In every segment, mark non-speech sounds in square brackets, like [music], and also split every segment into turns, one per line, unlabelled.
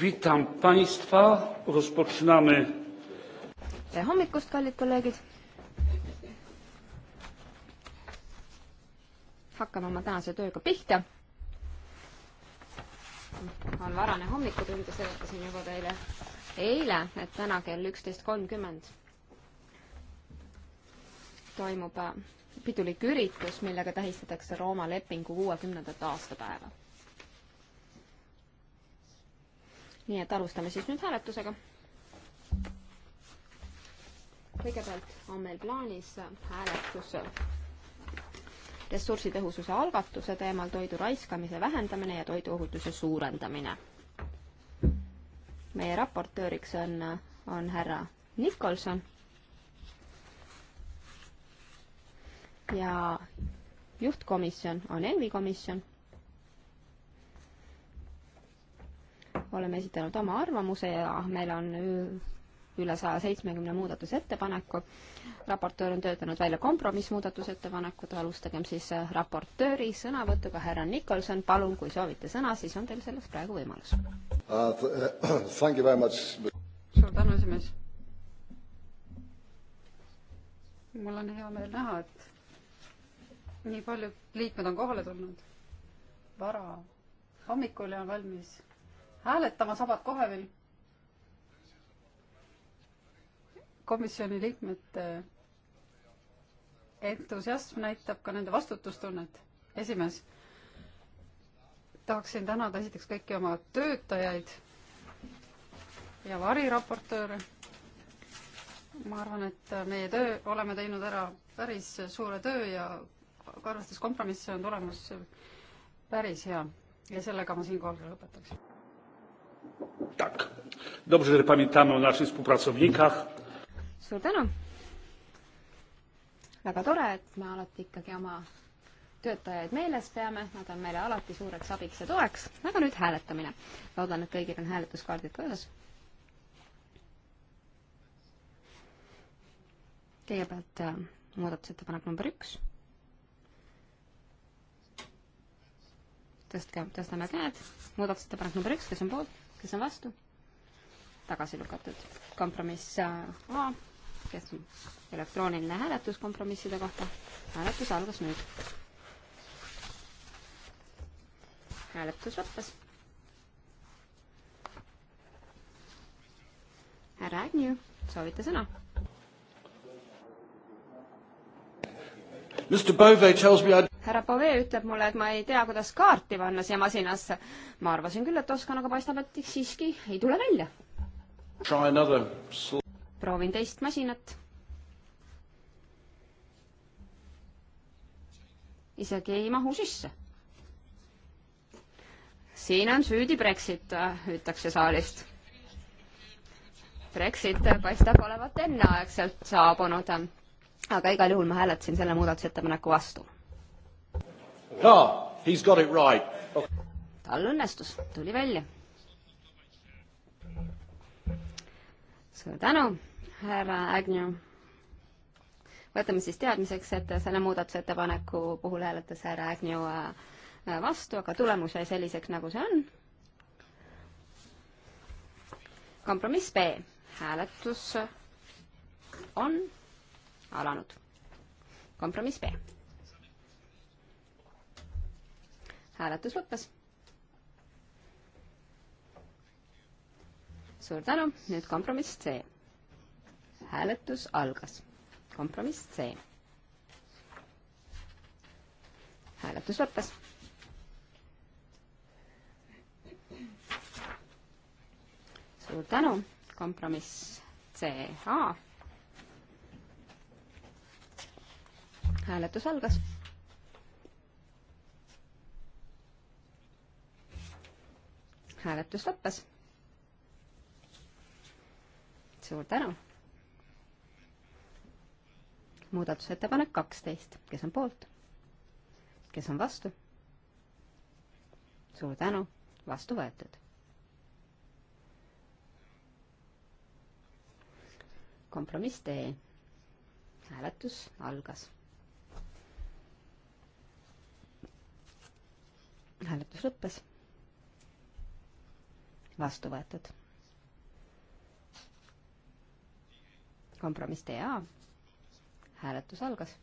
Witam Państwa. Rozpoczynamy.
Tere hommikust, kallid kolleegid. Hakkame oma tänase tööga pihta. On varane hommikutund ja seletasin juba teile eile, et täna kell 11.30 toimub äh, pidulik üritus, millega tähistatakse Rooma lepingu 60. aastapäeva nii et alustame siis nüüd hääletusega. kõigepealt on meil plaanis hääletus ressursitõhususe algatuse teemal toidu raiskamise vähendamine ja toiduohutuse suurendamine. meie raportööriks on, on härra Nikolson. ja juhtkomisjon on ENVI komisjon oleme esitanud oma arvamuse ja meil on üle saja seitsmekümne muudatusettepaneku. raportöör on töötanud välja kompromissmuudatusettepanekud, alustagem siis äh, raportööri sõnavõtuga, härra Nikolson, palun, kui soovite sõna, siis on teil selleks praegu võimalus
uh,. [coughs] suur tänu, esimees. mul on hea meel näha, et nii paljud liikmed on kohale tulnud vara hommikul ja on valmis hääletama saavad kohe veel komisjoni liikmete entusiasm näitab ka nende vastutustunnet. esimees, tahaksin tänada esiteks kõiki oma töötajaid ja variraportööre. ma arvan, et meie töö, oleme teinud ära päris suure töö ja arvestades kompromisse on tulemus päris hea ja sellega ma siinkohal lõpetaks
tak. Dobrze, że pamiętamy o naszych współpracownikach.
suur
tänu. väga tore, et me alati ikkagi oma töötajaid meeles peame, nad on meile alati suureks abiks ja toeks. aga nüüd hääletamine. loodan, et kõigil on hääletuskaardid kaasas. kõigepealt äh, muudatusettepanek number üks. tõstke, tõstame käed. muudatusettepanek number üks, kes on poolt? kes on vastu, tagasi lükatud. kompromiss äh, A, kes on elektrooniline hääletus kompromisside kohta, hääletus algas nüüd. hääletus lõppes. härra Agnew, soovite sõna?
Mr Bove tells me I
härra Povee ütleb mulle, et ma ei tea, kuidas kaarti panna siia masinasse. ma arvasin küll, et oskan, aga paistab, et siiski ei tule välja. proovin teist masinat. isegi ei mahu sisse. siin on süüdi Brexit, öeldakse saalist. Brexit paistab olevat enneaegselt saabunud, aga igal juhul ma hääletasin selle muudatusettepaneku vastu
jaa, ah, he's got it right okay..
tal õnnestus, tuli välja. suur tänu, härra Agnew. võtame siis teadmiseks, et selle muudatusettepaneku puhul hääletas härra Agnew äh, äh, vastu, aga tulemus jäi selliseks, nagu see on. kompromiss B, hääletus on alanud. kompromiss B hääletus lõppes. suur tänu, nüüd kompromiss C. hääletus algas. kompromiss C. hääletus lõppes. suur tänu, kompromiss CA. hääletus algas hääletus lõppes. suur tänu. muudatusettepanek kaksteist, kes on poolt? kes on vastu? suur tänu, vastu võetud. kompromiss tee. hääletus algas. hääletus lõppes vastu võetud. kompromiss TA, hääletus algas.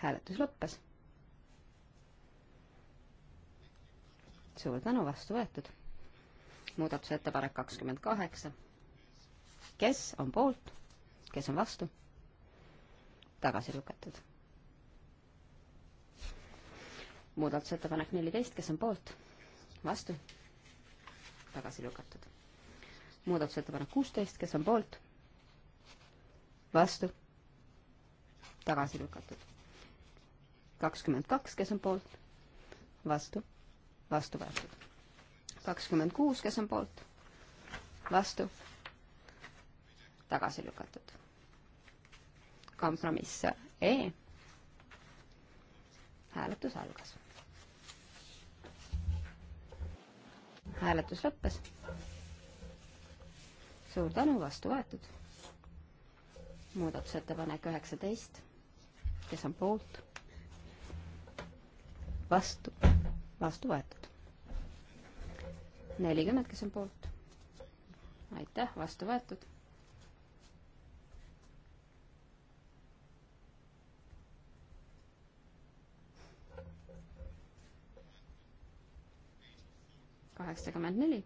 hääletus lõppes. suur tänu, vastu võetud. muudatusettepanek kakskümmend kaheksa. kes on poolt, kes on vastu? tagasi lükatud muudatusettepanek neliteist, kes on poolt, vastu, tagasi lükatud. muudatusettepanek kuusteist, kes on poolt, vastu, tagasi lükatud. kakskümmend kaks, kes on poolt, vastu, vastu võetud. kakskümmend kuus, kes on poolt, vastu, tagasi lükatud. kompromiss E hääletus algas. hääletus lõppes. suur tänu, vastu võetud. muudatusettepanek üheksateist, kes on poolt? vastu, vastu võetud. nelikümmend, kes on poolt? aitäh, vastu võetud kaheksakümmend neli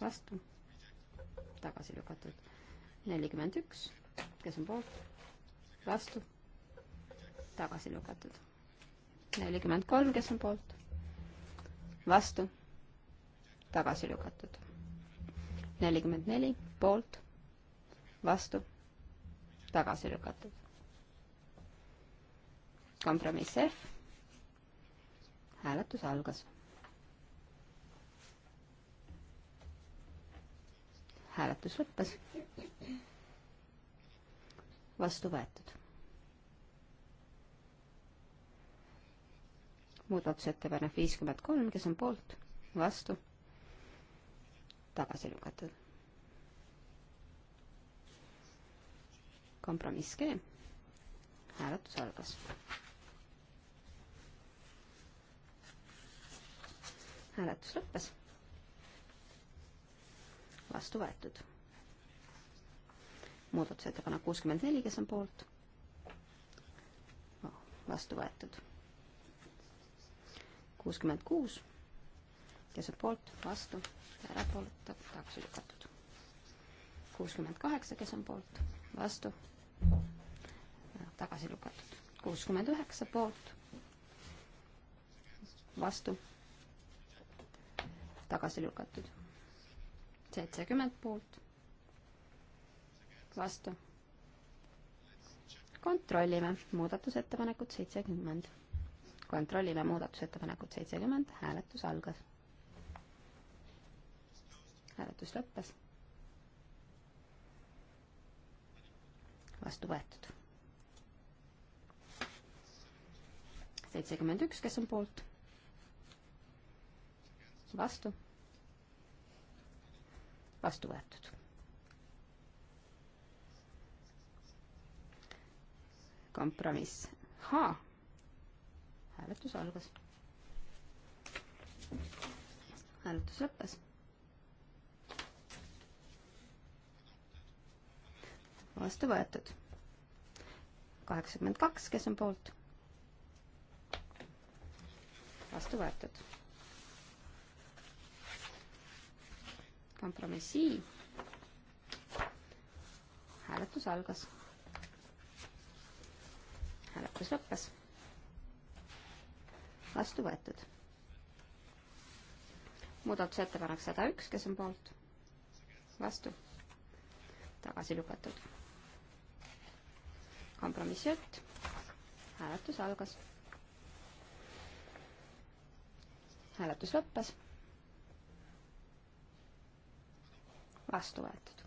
vastu, tagasi lükatud. nelikümmend üks, kes on poolt, vastu, tagasi lükatud. nelikümmend kolm, kes on poolt, vastu, tagasi lükatud. nelikümmend neli, poolt, vastu, tagasi lükatud. kompromiss F, hääletus algas hääletus lõppes. vastu võetud. muudatusettepanek viiskümmend kolm, kes on poolt, vastu, tagasi lükatud. kompromiss G, hääletus algas. hääletus lõppes vastu võetud. muudatusettepanek kuuskümmend neli, kes on poolt, vastu võetud. kuuskümmend kuus, kes on poolt, vastu, erapooletu, tagasi lükatud. kuuskümmend kaheksa, kes on poolt, vastu, tagasi lükatud. kuuskümmend üheksa poolt, vastu, tagasi lükatud seitsekümmend poolt, vastu. kontrollime muudatusettepanekut seitsekümmend. kontrollime muudatusettepanekut seitsekümmend, hääletus algas. hääletus lõppes. vastu võetud. seitsekümmend üks, kes on poolt? vastu vastu võetud. kompromiss H. hääletus algas. hääletus lõppes. vastu võetud. kaheksakümmend kaks, kes on poolt? vastu võetud kompromiss I. hääletus algas. hääletus lõppes. vastu võetud. muudatusettepanek sada üks, kes on poolt? vastu. tagasi lükatud. kompromiss J. hääletus algas hääletus lõppes. vastu võetud.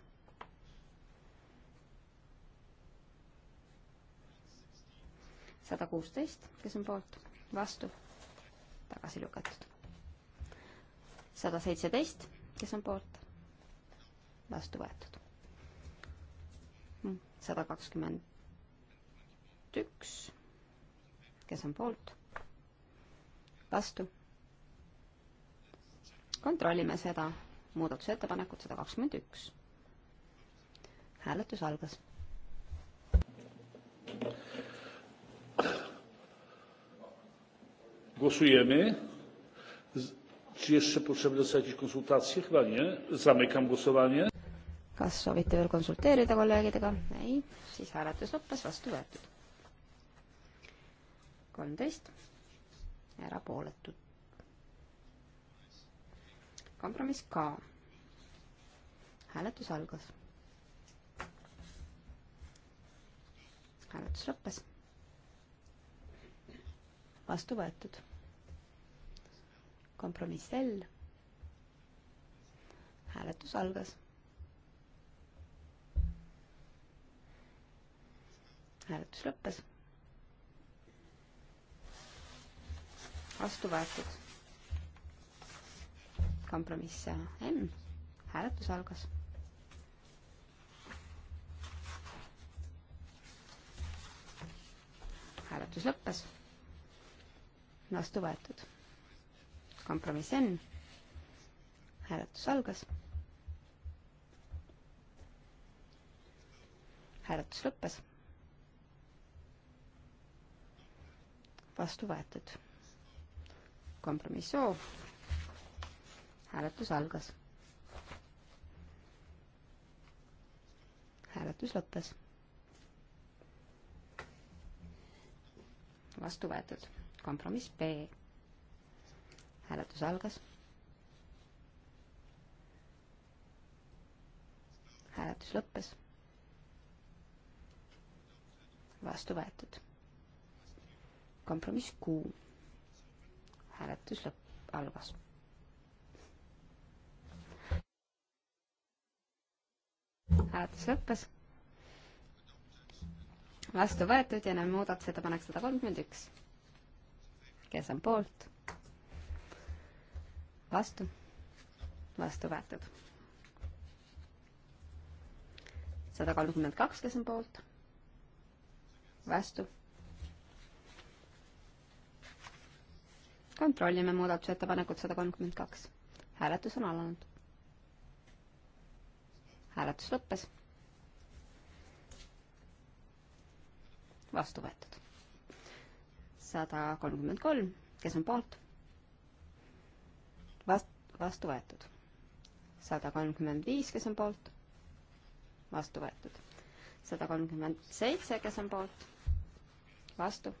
sada kuusteist, kes on poolt, vastu, tagasi lükatud. sada seitseteist, kes on poolt, vastu võetud. sada kakskümmend üks, kes on poolt, vastu. kontrollime seda muudatusettepanekut sada kakskümmend üks. hääletus algas.
Głosujemy. Czy jeszcze potrzebne są jakieś konsultacje? Chyba nie. Zamykam głosowanie.
Kas soovite veel konsulteerida kolleegidega? Ei. Siis hääletus lõppes vastu võetud. 13. Erapooletud kompromiss ka. hääletus algas. hääletus lõppes. vastu võetud. kompromiss L. hääletus algas. hääletus lõppes. vastu võetud kompromiss M, hääletus algas. hääletus lõppes. vastu võetud. kompromiss N, hääletus algas. hääletus lõppes. vastu võetud. kompromiss O hääletus algas. hääletus lõppes. vastu võetud. kompromiss B. hääletus algas. hääletus lõppes. vastu võetud. kompromiss Q. hääletus lõpp, algas hääletus lõppes. vastu võetud ja nüüd muudatusettepanek sada kolmkümmend üks. kes on poolt? vastu? vastu võetud. sada kolmkümmend kaks, kes on poolt? vastu? kontrollime muudatusettepanekut sada kolmkümmend kaks. hääletus on alanud hääletus lõppes. vastu võetud. sada kolmkümmend kolm, kes on poolt? Vast-, vastu võetud. sada kolmkümmend viis, kes on poolt? vastu võetud. sada kolmkümmend seitse, kes on poolt? vastu.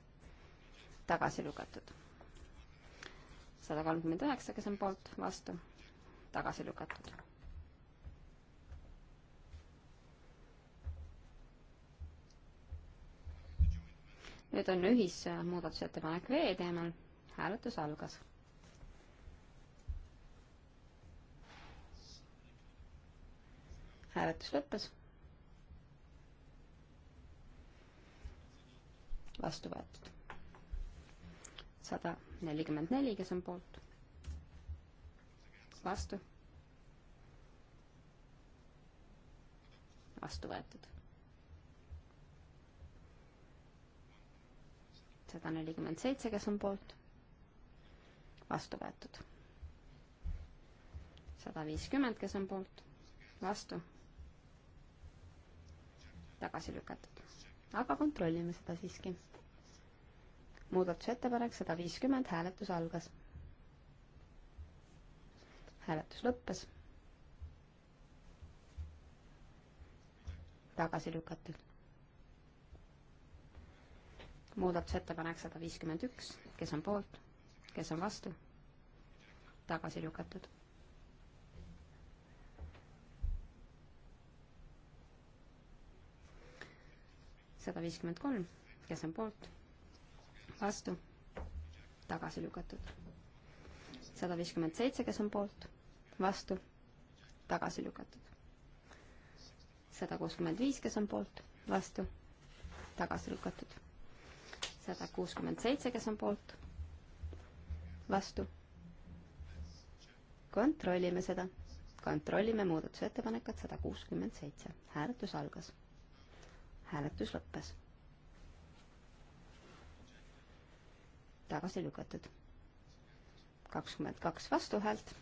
tagasi lugetud. sada kolmkümmend üheksa, kes on poolt, vastu, tagasi lükatud nüüd on ühismuudatusettepanek V teemal, hääletus algas. hääletus lõppes. vastu võetud. sada nelikümmend neli, kes on poolt. vastu. vastu võetud sada nelikümmend seitse, kes on poolt, vastu võetud. sada viiskümmend, kes on poolt, vastu, tagasi lükatud. aga kontrollime seda siiski. muudatusettepanek sada viiskümmend, hääletus algas. hääletus lõppes. tagasi lükatud muudatusettepanek sada viiskümmend üks, kes on poolt, kes on vastu, tagasi lükatud. sada viiskümmend kolm, kes on poolt, vastu, tagasi lükatud. sada viiskümmend seitse, kes on poolt, vastu, tagasi lükatud. sada kuuskümmend viis, kes on poolt, vastu, tagasi lükatud sada kuuskümmend seitse, kes on poolt, vastu. kontrollime seda. kontrollime muudatusettepanekut sada kuuskümmend seitse. hääletus algas. hääletus lõppes. tagasi lükatud. kakskümmend kaks vastuhäält,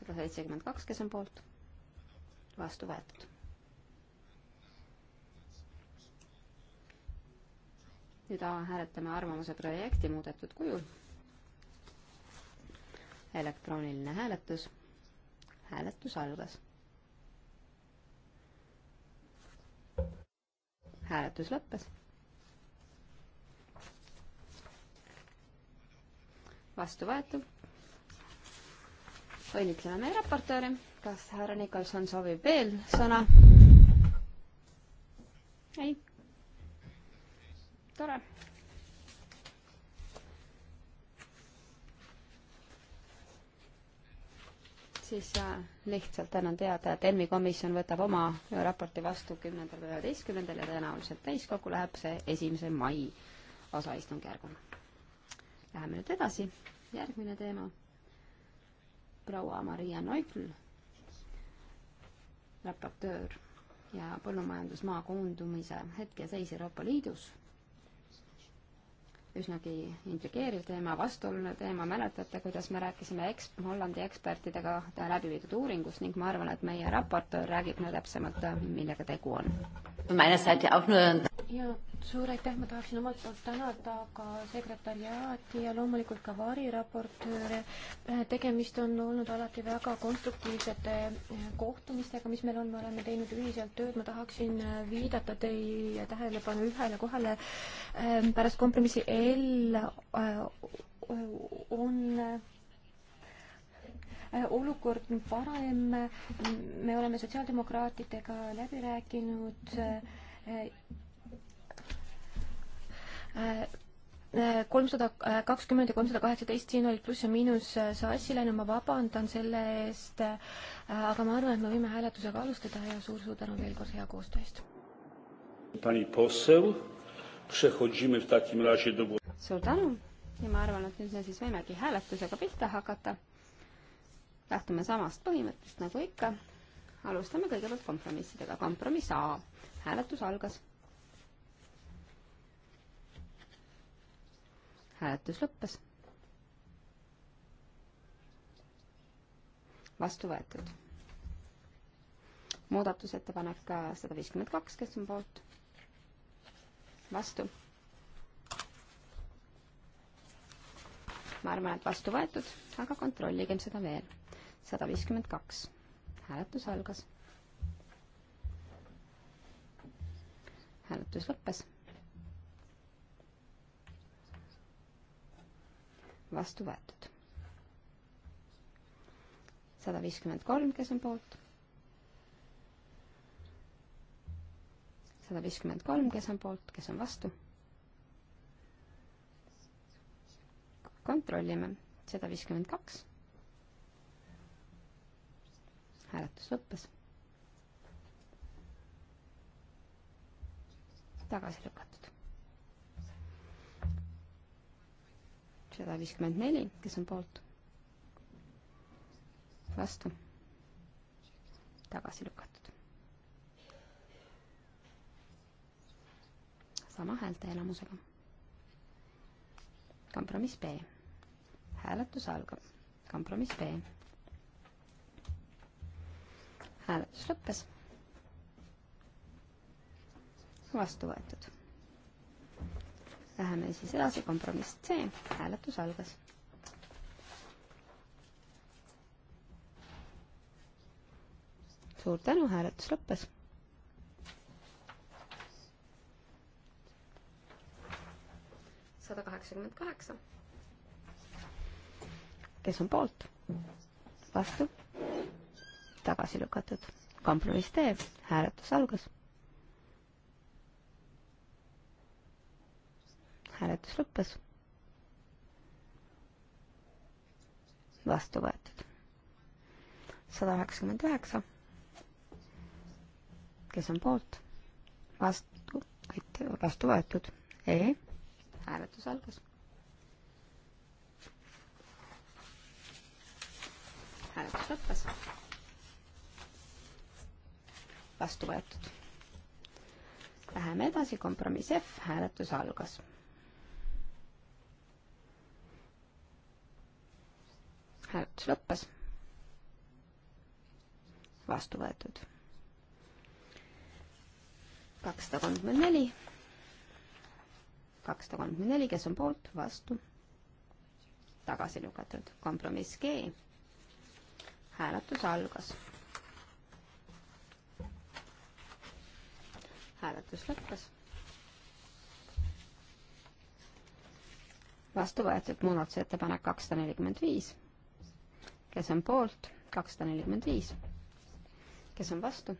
sada seitsekümmend kaks, kes on poolt, vastu võetud nüüd hääletame arvamuse projekti muudetud kujul. elektrooniline hääletus. hääletus algas. hääletus lõppes. vastu võetud. õnnitleme meie raportööri. kas härra Nikolson soovib veel sõna? ei tore. siis äh, lihtsalt annan teada, et ENMi komisjon võtab oma raporti vastu kümnendal või üheteistkümnendal ja tõenäoliselt täiskokku läheb see esimese mai osaistungjärgul. Läheme nüüd edasi, järgmine teema. proua Maria Neufl, raportöör ja põllumajandusmaa koondumise hetkeseis Euroopa Liidus üsnagi intrigeeriv teema, vastuoluline teema, mäletate, kuidas me rääkisime eks-, Hollandi ekspertidega läbi viidud uuringust ning ma arvan, et meie raportöör räägib nüüd täpsemalt, millega tegu on
ja suur aitäh, ma tahaksin omalt poolt tänada ka sekretäriaati ja loomulikult ka variraportööre. Äh, tegemist on olnud alati väga konstruktiivsete äh, kohtumistega, mis meil on, me oleme teinud ühiselt tööd, ma tahaksin äh, viidata teie tähelepanu ühele kohale ähm, pärast kompromissi L on olukord paranem, me oleme sotsiaaldemokraatidega läbi rääkinud Äh, äh, kolmsada äh, kakskümmend ja kolmsada kaheksateist, siin olid pluss ja miinus sassi läinud, ma vabandan selle eest, aga ma arvan, et me võime hääletusega alustada ja suur-suur tänu veel kord hea koostöö eest.
suur tänu ja ma arvan, et nüüd me siis võimegi hääletusega pihta hakata. lähtume samast põhimõttest nagu ikka. alustame kõigepealt kompromissidega. kompromiss A. hääletus algas hääletus lõppes. vastu võetud. muudatusettepanek ka äh, sada viiskümmend kaks, kes on poolt? vastu. ma arvan, et vastu võetud, aga kontrolligem seda veel. sada viiskümmend kaks. hääletus algas. hääletus lõppes vastu võetud. sada viiskümmend kolm, kes on poolt. sada viiskümmend kolm, kes on poolt, kes on vastu. kontrollime, sada viiskümmend kaks. hääletus lõppes. tagasi lükatud. sada viiskümmend neli, kes on poolt? vastu? tagasi lükatud. sama häälte enamusega. kompromiss B. hääletus algab. kompromiss B. hääletus lõppes. vastu võetud Läheme siis edasi, kompromiss C, hääletus algas. suur tänu, hääletus lõppes. sada kaheksakümmend kaheksa. kes on poolt? vastu? tagasi lükatud. kompromiss D, hääletus algas hääletus lõppes. vastu võetud. sada üheksakümmend üheksa. kes on poolt? vastu, aitäh, vastu võetud. E, hääletus algas. hääletus lõppes. vastu võetud. Läheme edasi, kompromiss F, hääletus algas hääletus lõppes. vastu võetud. kakssada kolmkümmend neli, kakssada kolmkümmend neli, kes on poolt, vastu, tagasi lükatud. kompromiss G. hääletus algas. hääletus lõppes. vastu võetud muudatusettepanek kakssada nelikümmend viis kes on poolt, kakssada nelikümmend viis, kes on vastu,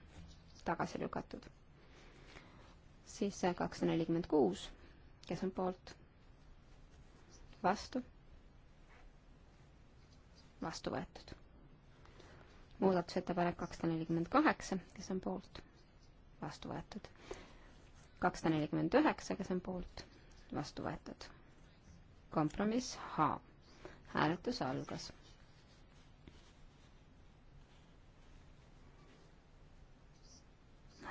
tagasi lükatud. siis kakssada nelikümmend kuus, kes on poolt, vastu, vastu võetud. muudatusettepanek kakssada nelikümmend kaheksa, kes on poolt, vastu võetud. kakssada nelikümmend üheksa, kes on poolt, vastu võetud. kompromiss H. hääletus algas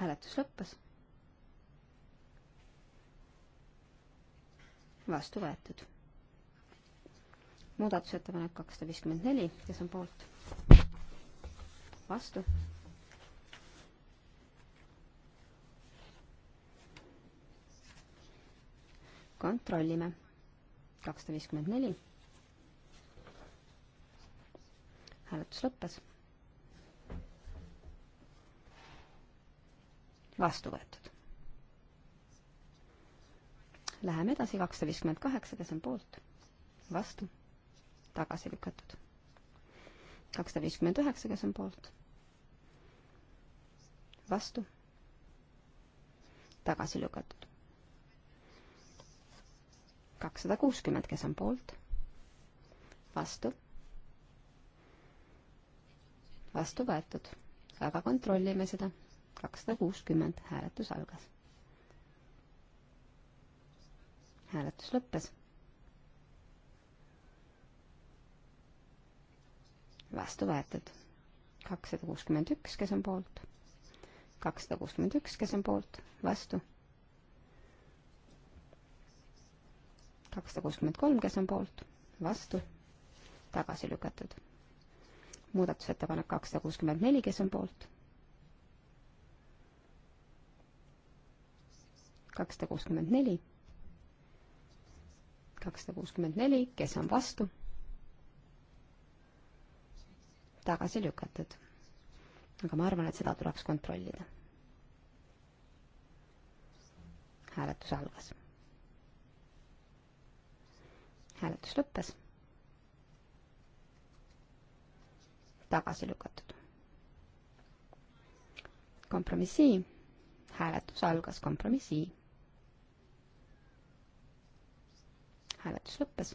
hääletus lõppes. vastu võetud. muudatusettepanek kakssada viiskümmend neli, kes on poolt? vastu. kontrollime. kakssada viiskümmend neli. hääletus lõppes vastu võetud. Läheme edasi, kakssada viiskümmend kaheksa, kes on poolt, vastu, tagasi lükatud. kakssada viiskümmend üheksa, kes on poolt, vastu, tagasi lükatud. kakssada kuuskümmend, kes on poolt, vastu, vastu võetud, aga kontrollime seda kakssada kuuskümmend, hääletus algas. hääletus lõppes. vastu võetud kakssada kuuskümmend üks, kes on poolt, kakssada kuuskümmend üks, kes on poolt, vastu. kakssada kuuskümmend kolm, kes on poolt, vastu, tagasi lükatud muudatusettepanek kakssada kuuskümmend neli, kes on poolt, kakssada kuuskümmend neli, kakssada kuuskümmend neli, kes on vastu? tagasi lükatud. aga ma arvan, et seda tuleks kontrollida. hääletus algas. hääletus lõppes. tagasi lükatud. kompromissi, hääletus algas kompromissi hääletus lõppes.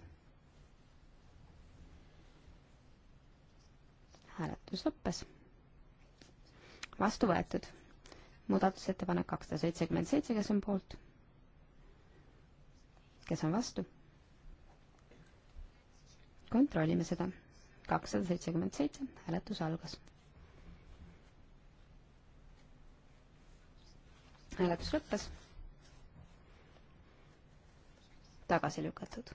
hääletus lõppes. vastu võetud. muudatusettepanek kakssada seitsekümmend seitse, kes on poolt? kes on vastu? kontrollime seda. kakssada seitsekümmend seitse, hääletus algas. hääletus lõppes tagasi lükatud.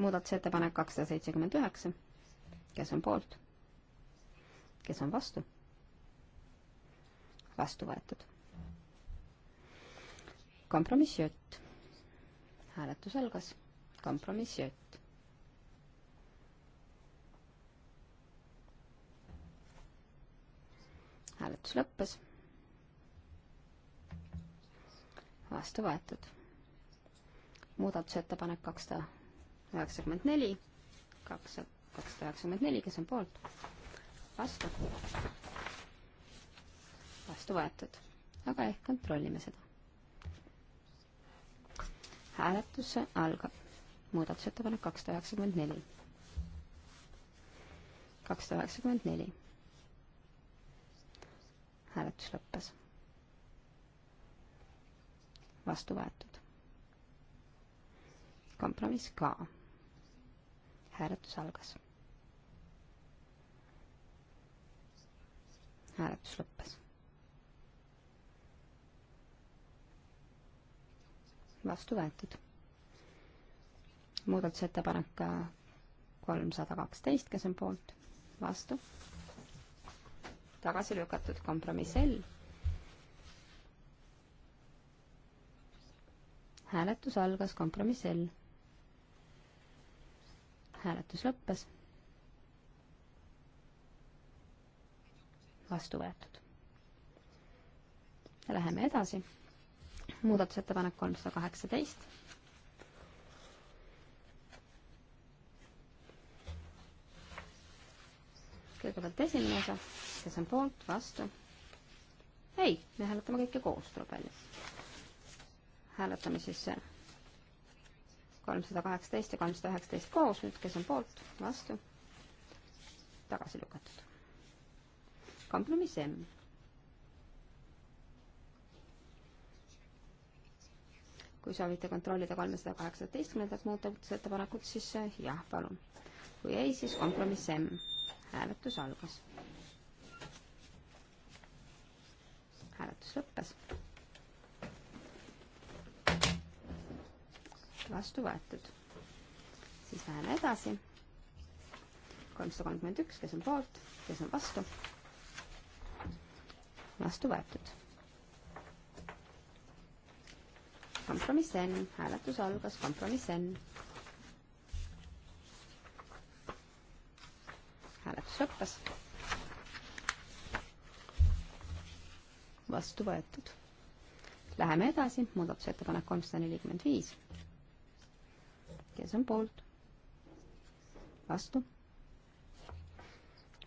muudatusettepanek kakssada seitsekümmend üheksa, kes on poolt, kes on vastu, vastu võetud. kompromiss J, hääletus algas, kompromiss J. hääletus lõppes vastu võetud. muudatusettepanek kakssada üheksakümmend neli, kakssada, kakssada üheksakümmend neli, kes on poolt? vastu. vastu võetud, aga ehk kontrollime seda. hääletus algab, muudatusettepanek kakssada üheksakümmend neli. kakssada üheksakümmend neli. hääletus lõppes vastu võetud. kompromiss ka. hääletus algas. hääletus lõppes. vastu võetud. muudatusettepanek kolmsada kaksteist, kes on poolt, vastu, tagasi lükatud kompromiss L hääletus algas, kompromiss L. hääletus lõppes. vastu võetud. Läheme edasi. muudatusettepanek kolmsada kaheksateist. kõigepealt esimene osa, kes on poolt, vastu. ei, me hääletame kõike koos, tuleb välja hääletame siis kolmsada kaheksateist ja kolmsada üheksateist koos nüüd, kes on poolt, vastu, tagasi lükatud. kompromiss M. kui soovite kontrollida kolmesaja kaheksateistkümnendat muudatusettepanekut, siis eh, jah, palun. kui ei, siis kompromiss M. hääletus algas. hääletus lõppes vastu võetud. siis läheme edasi. kolmsada kolmkümmend üks, kes on poolt, kes on vastu? vastu võetud. kompromiss N, hääletus algas, kompromiss N. hääletus lõppes. vastu võetud. Läheme edasi, muudatusettepanek kolmsada nelikümmend viis kes on poolt? vastu?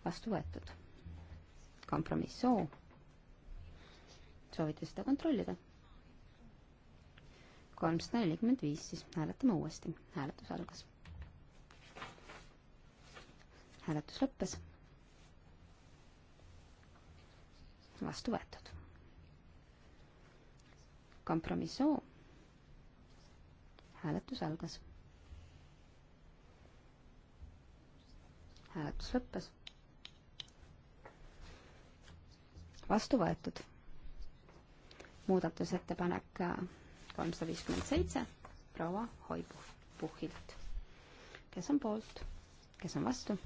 vastu võetud. kompromiss O. soovite seda kontrollida? kolmsada nelikümmend viis, siis hääletame uuesti. hääletus algas. hääletus lõppes. vastu võetud. kompromiss O. hääletus algas hääletus lõppes. vastu võetud. muudatusettepanek äh, kolmsada viiskümmend seitse proua Hoibuhhilt. kes on poolt, kes on vastu?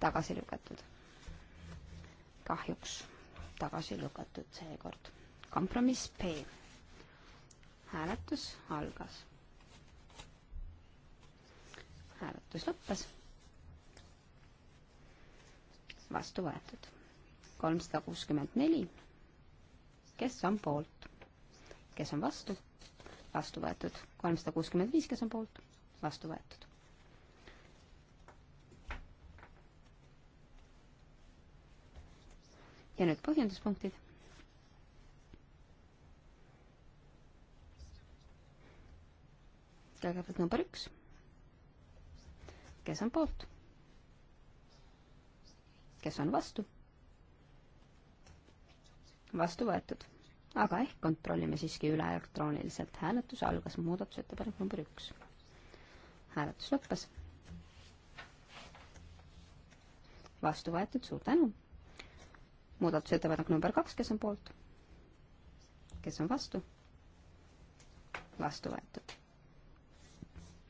tagasi lükatud. kahjuks tagasi lükatud seekord. kompromiss B. hääletus algas. hääletus lõppes vastu võetud. kolmsada kuuskümmend neli, kes on poolt, kes on vastu, vastu võetud. kolmsada kuuskümmend viis, kes on poolt, vastu võetud. ja nüüd põhjenduspunktid kõigepealt number üks. kes on poolt? kes on vastu? vastu võetud. aga ehk kontrollime siiski üle elektrooniliselt. hääletus algas, muudatusettepanek number üks. hääletus lõppes. vastu võetud, suur tänu. muudatusettepanek number kaks, kes on poolt? kes on vastu? vastu võetud.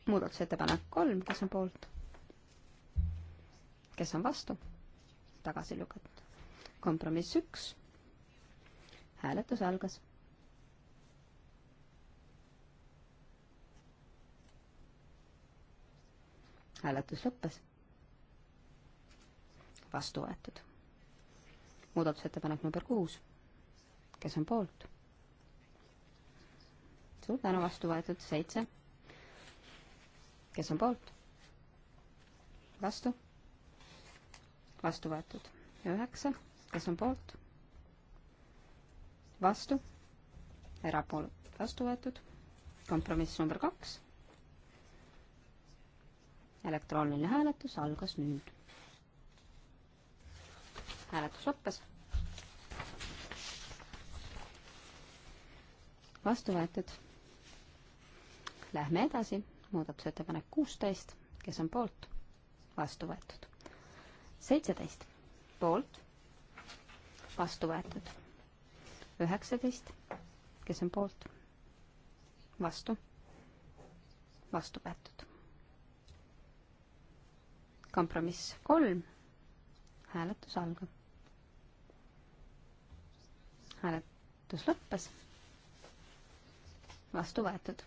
muudatusettepanek kolm, kes on poolt? kes on vastu? tagasi lükata. kompromiss üks. hääletus algas. hääletus lõppes. vastu võetud. muudatusettepanek number kuus. kes on poolt? suur tänu, vastu võetud seitse. kes on poolt? vastu? vastu võetud. ja üheksa, kes on poolt? vastu, erapooletud, vastu võetud. kompromiss number kaks. elektrooniline hääletus algas nüüd. hääletus lõppes. vastu võetud. Lähme edasi, muudatusettepanek kuusteist, kes on poolt? vastu võetud seitseteist poolt, vastu võetud. üheksateist, kes on poolt, vastu, vastu võetud. kompromiss kolm, hääletus algab. hääletus lõppes, vastu võetud.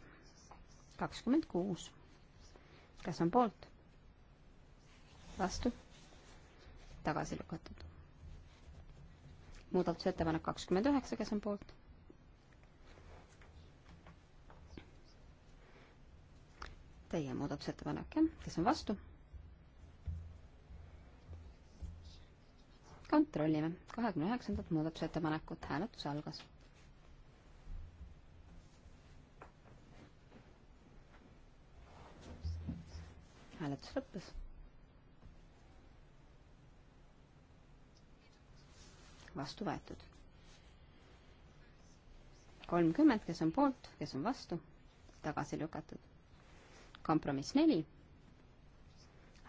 kakskümmend kuus, kes on poolt, vastu tagasi lükatud. muudatusettepanek kakskümmend üheksa, kes on poolt? Teie muudatusettepanek, jah, kes on vastu? kontrollime, kahekümne üheksandat muudatusettepanekut, hääletus algas hääletus lõppes. vastu võetud. kolmkümmend, kes on poolt, kes on vastu, tagasi lükatud. kompromiss neli.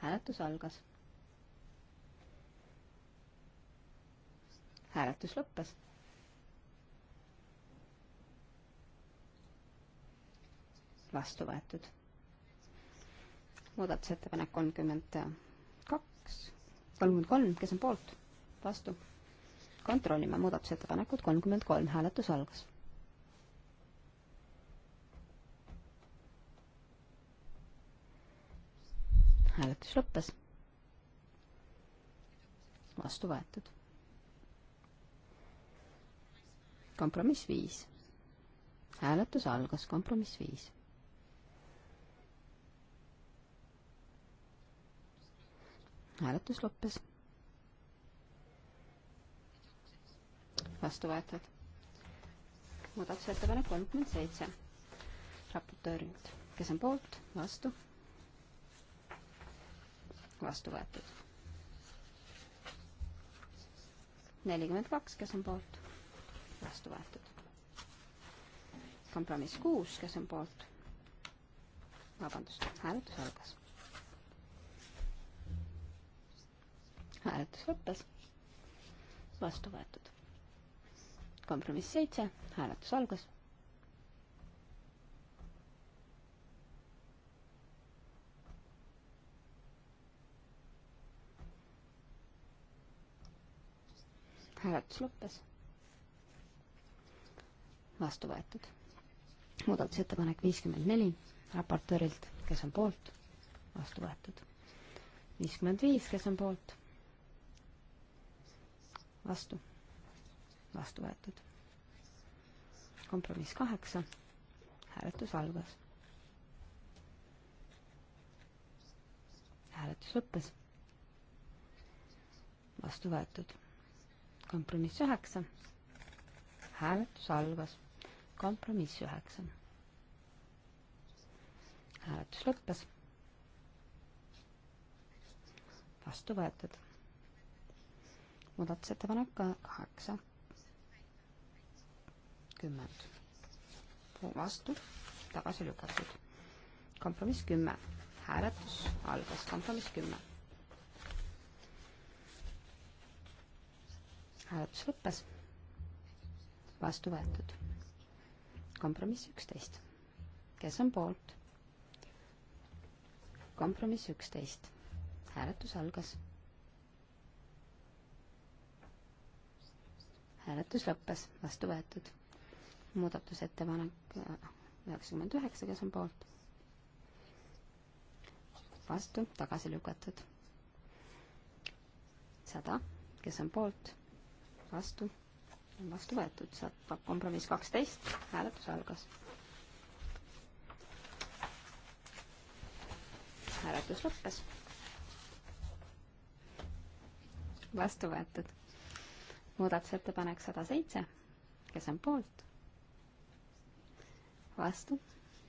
hääletus algas. hääletus lõppes. vastu võetud. muudatusettepanek kolmkümmend kaks, kolmkümmend kolm, kes on poolt, vastu kontrollime muudatusettepanekut kolmkümmend kolm, hääletus algas. hääletus lõppes. vastu võetud. kompromiss viis. hääletus algas, kompromiss viis. hääletus lõppes vastu võetud. muudatusettepanek kolmkümmend seitse raportöörilt, kes on poolt, vastu, vastu võetud. nelikümmend kaks, kes on poolt, vastu võetud. kompromiss kuus, kes on poolt, vabandust, hääletus algas. hääletus lõppes, vastu võetud kompromiss seitse, hääletus algas. hääletus lõppes. vastu võetud. muudatusettepanek viiskümmend neli raportöörilt, kes on poolt, vastu võetud. viiskümmend viis, kes on poolt, vastu vastu võetud. kompromiss kaheksa, hääletus algas. hääletus lõppes. vastu võetud. kompromiss üheksa, hääletus algas. kompromiss üheksa. hääletus lõppes. vastu võetud muudatusettepanek kaheksa kakskümmend. vastu, tagasi lükatud. kompromiss kümme, hääletus algas, kompromiss kümme. hääletus lõppes, vastu võetud. kompromiss üksteist, kes on poolt? kompromiss üksteist, hääletus algas hääletus lõppes, vastu võetud muudatusettepanek äh, üheksakümmend üheksa, kes on poolt? vastu, tagasi lükatud. sada, kes on poolt? vastu, on vastu võetud, saab kompromiss kaksteist, hääletus algas. hääletus lõppes. vastu võetud. muudatusettepanek sada seitse, kes on poolt? vastu,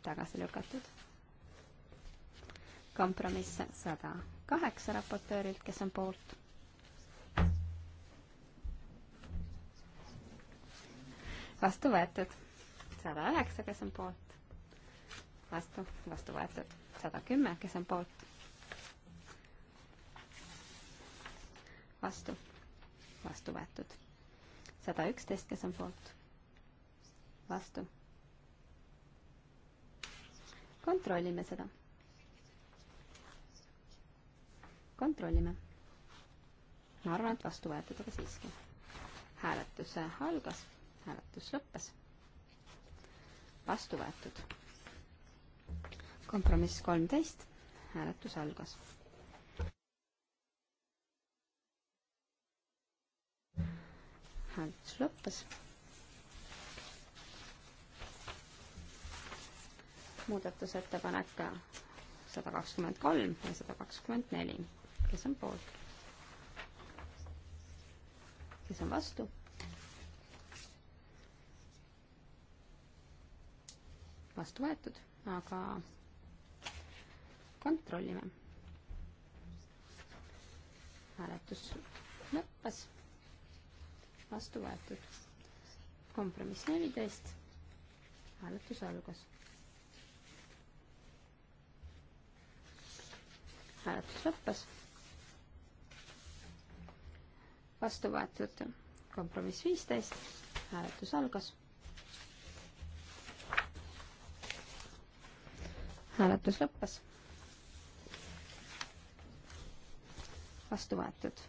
tagasi lükatud. kompromiss sada kaheksa raportöörilt, kes on poolt. vastu võetud sada üheksa, kes on poolt, vastu, vastu võetud sada kümme, kes on poolt, vastu, vastu võetud sada üksteist, kes on poolt, vastu kontrollime seda. kontrollime. ma arvan, et vastu võetud, aga siiski. hääletus algas, hääletus lõppes. vastu võetud. kompromiss kolmteist, hääletus algas. hääletus lõppes muudatusettepanek sada kakskümmend kolm ja sada kakskümmend neli. kes on poolt? kes on vastu? vastu võetud, aga kontrollime. hääletus lõppes, vastu võetud. kompromiss neliteist, hääletus algas hääletus lõppes. vastu võetud kompromiss viisteist, hääletus algas. hääletus lõppes. vastu võetud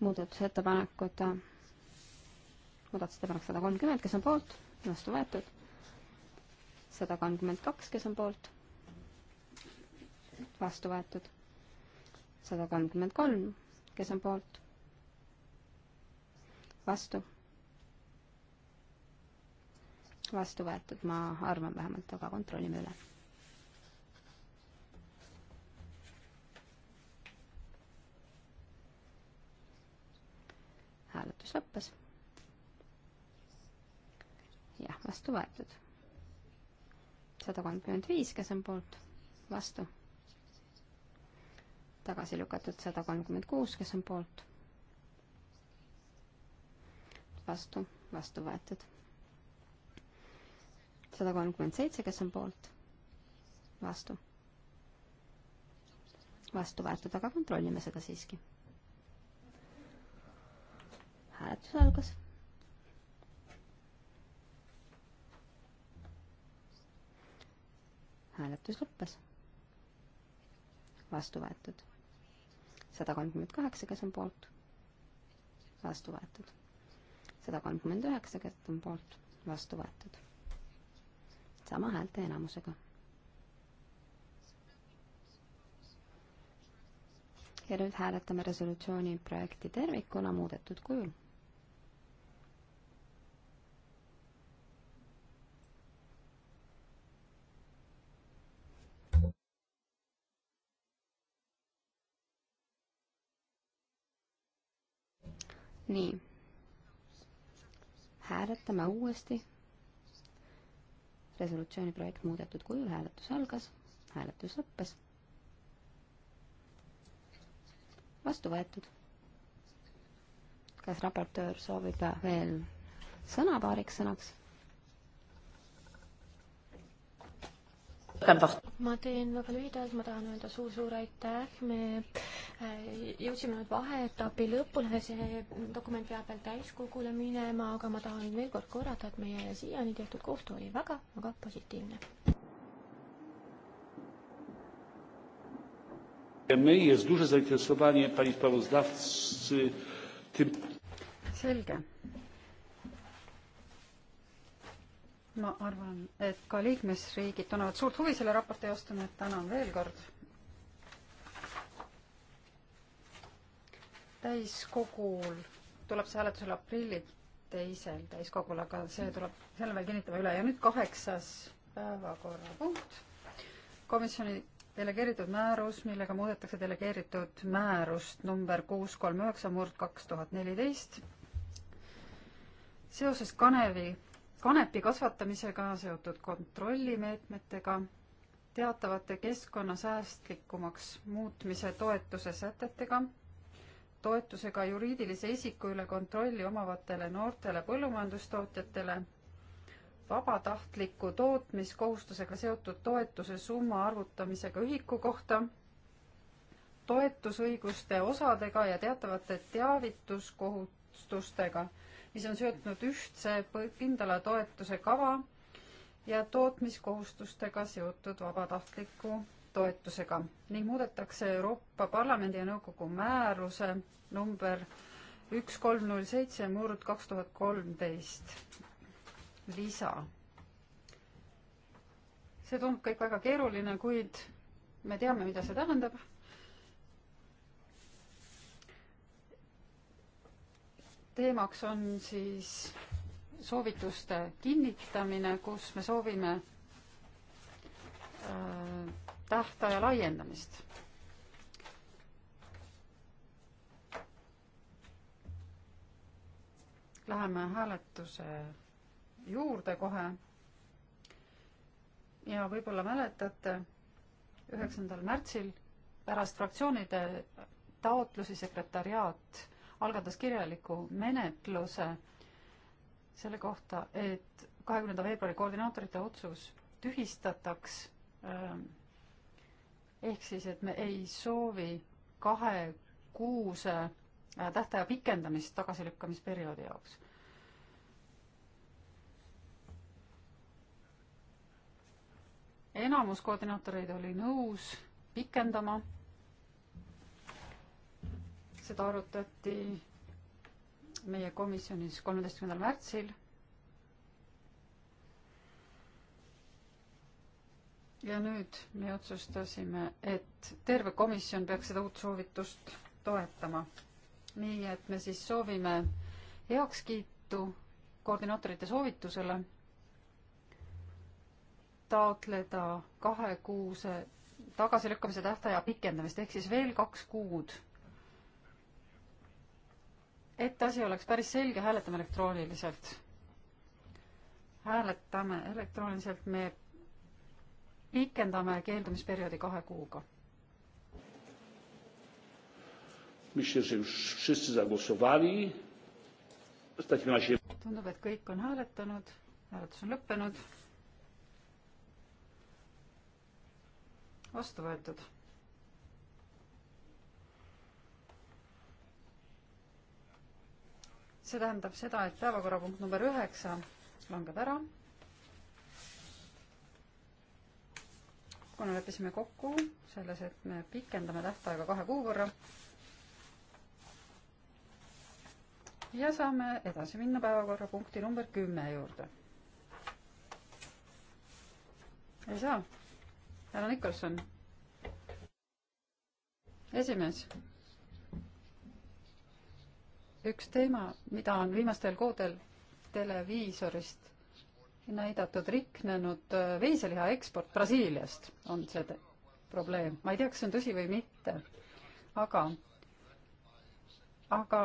muudatusettepanekud, muudatusettepanek sada kolmkümmend, kes on poolt, vastu võetud, sada kolmkümmend kaks, kes on poolt vastu võetud. sada kolmkümmend kolm, kes on poolt? vastu? vastu võetud, ma arvan vähemalt, aga kontrollime üle. hääletus lõppes. jah, vastu võetud sada kolmkümmend viis, kes on poolt, vastu tagasi lükatud sada kolmkümmend kuus, kes on poolt? vastu, vastu võetud. sada kolmkümmend seitse, kes on poolt? vastu. vastu võetud, aga kontrollime seda siiski. hääletus algas. hääletus lõppes vastu võetud sada kolmkümmend kaheksa, kes on poolt, vastu võetud. sada kolmkümmend üheksa, kes on poolt, vastu võetud. sama häälte enamusega. ja nüüd hääletame resolutsiooni projekti tervikuna muudetud kujul nii. hääletame uuesti. resolutsiooni projekt muudetud kujul, hääletus algas, hääletus lõppes. vastu võetud. kas raportöör soovib veel sõna paariks sõnaks? ma
teen väga lühidalt, ma tahan öelda suur-suur aitäh, me jõudsime nüüd vaheetapi lõpule, see dokument peab veel täiskogule minema, aga ma tahan veel kord korrata, et meie siiani tehtud koostöö oli väga-väga positiivne.
selge. ma arvan, et ka liikmesriigid tunnevad suurt huvi selle raporti vastu, nii et tänan veel kord täiskogul tuleb see hääletusele aprilli teisel täiskogul, aga see tuleb, selle veel kinnitame üle ja nüüd kaheksas päevakorrapunkt. komisjoni delegeeritud määrus, millega muudetakse delegeeritud määrust number kuus kolm üheksa murd kaks tuhat neliteist seoses kanevi, kanepi kasvatamisega seotud kontrollimeetmetega teatavate keskkonnasäästlikumaks muutmise toetuse sätetega toetusega juriidilise isiku üle kontrolli omavatele noortele põllumajandustootjatele vabatahtliku tootmiskohustusega seotud toetuse summa arvutamisega ühiku kohta, toetusõiguste osadega ja teatavate teavituskohustustega, mis on seotud ühtse kindla toetuse kava ja tootmiskohustustega seotud vabatahtliku toetusega ning muudetakse Euroopa Parlamendi ja Nõukogu määruse number üks kolm null seitse murd kaks tuhat kolmteist lisa. see tundub kõik väga keeruline, kuid me teame, mida see tähendab. teemaks on siis soovituste kinnitamine, kus me soovime äh, tähtaja laiendamist. Läheme hääletuse juurde kohe. ja võib-olla mäletate, üheksandal märtsil pärast fraktsioonide taotlusi sekretariaat algatas kirjaliku menetluse selle kohta, et kahekümnenda veebruari koordinaatorite otsus tühistataks ähm, ehk siis, et me ei soovi kahe kuuse äh, tähtaja pikendamist tagasilükkamisperioodi jaoks. enamus koordinaatoreid oli nõus pikendama. seda arutati meie komisjonis kolmeteistkümnendal märtsil ja nüüd me otsustasime, et terve komisjon peaks seda uut soovitust toetama. nii et me siis soovime heakskiitu koordinaatorite soovitusele taotleda kahe kuuse tagasilükkamise tähtaja pikendamist ehk siis veel kaks kuud. et asi oleks päris selge, hääletame elektrooniliselt. hääletame elektrooniliselt, me pikendame keeldumisperioodi kahe kuuga. tundub, et kõik on hääletanud, hääletus on lõppenud. vastu võetud see tähendab seda, et päevakorrapunkt number üheksa langeb ära kuna leppisime kokku selles, et me pikendame tähtaega kahe kuu võrra. ja saame edasi minna päevakorrapunkti number kümme juurde. ei saa. härra Nikolson. esimees. üks teema, mida on viimastel kuudel televiisorist näidatud riknenud äh, veiseliha eksport Brasiiliast on see probleem. ma ei tea, kas see on tõsi või mitte, aga, aga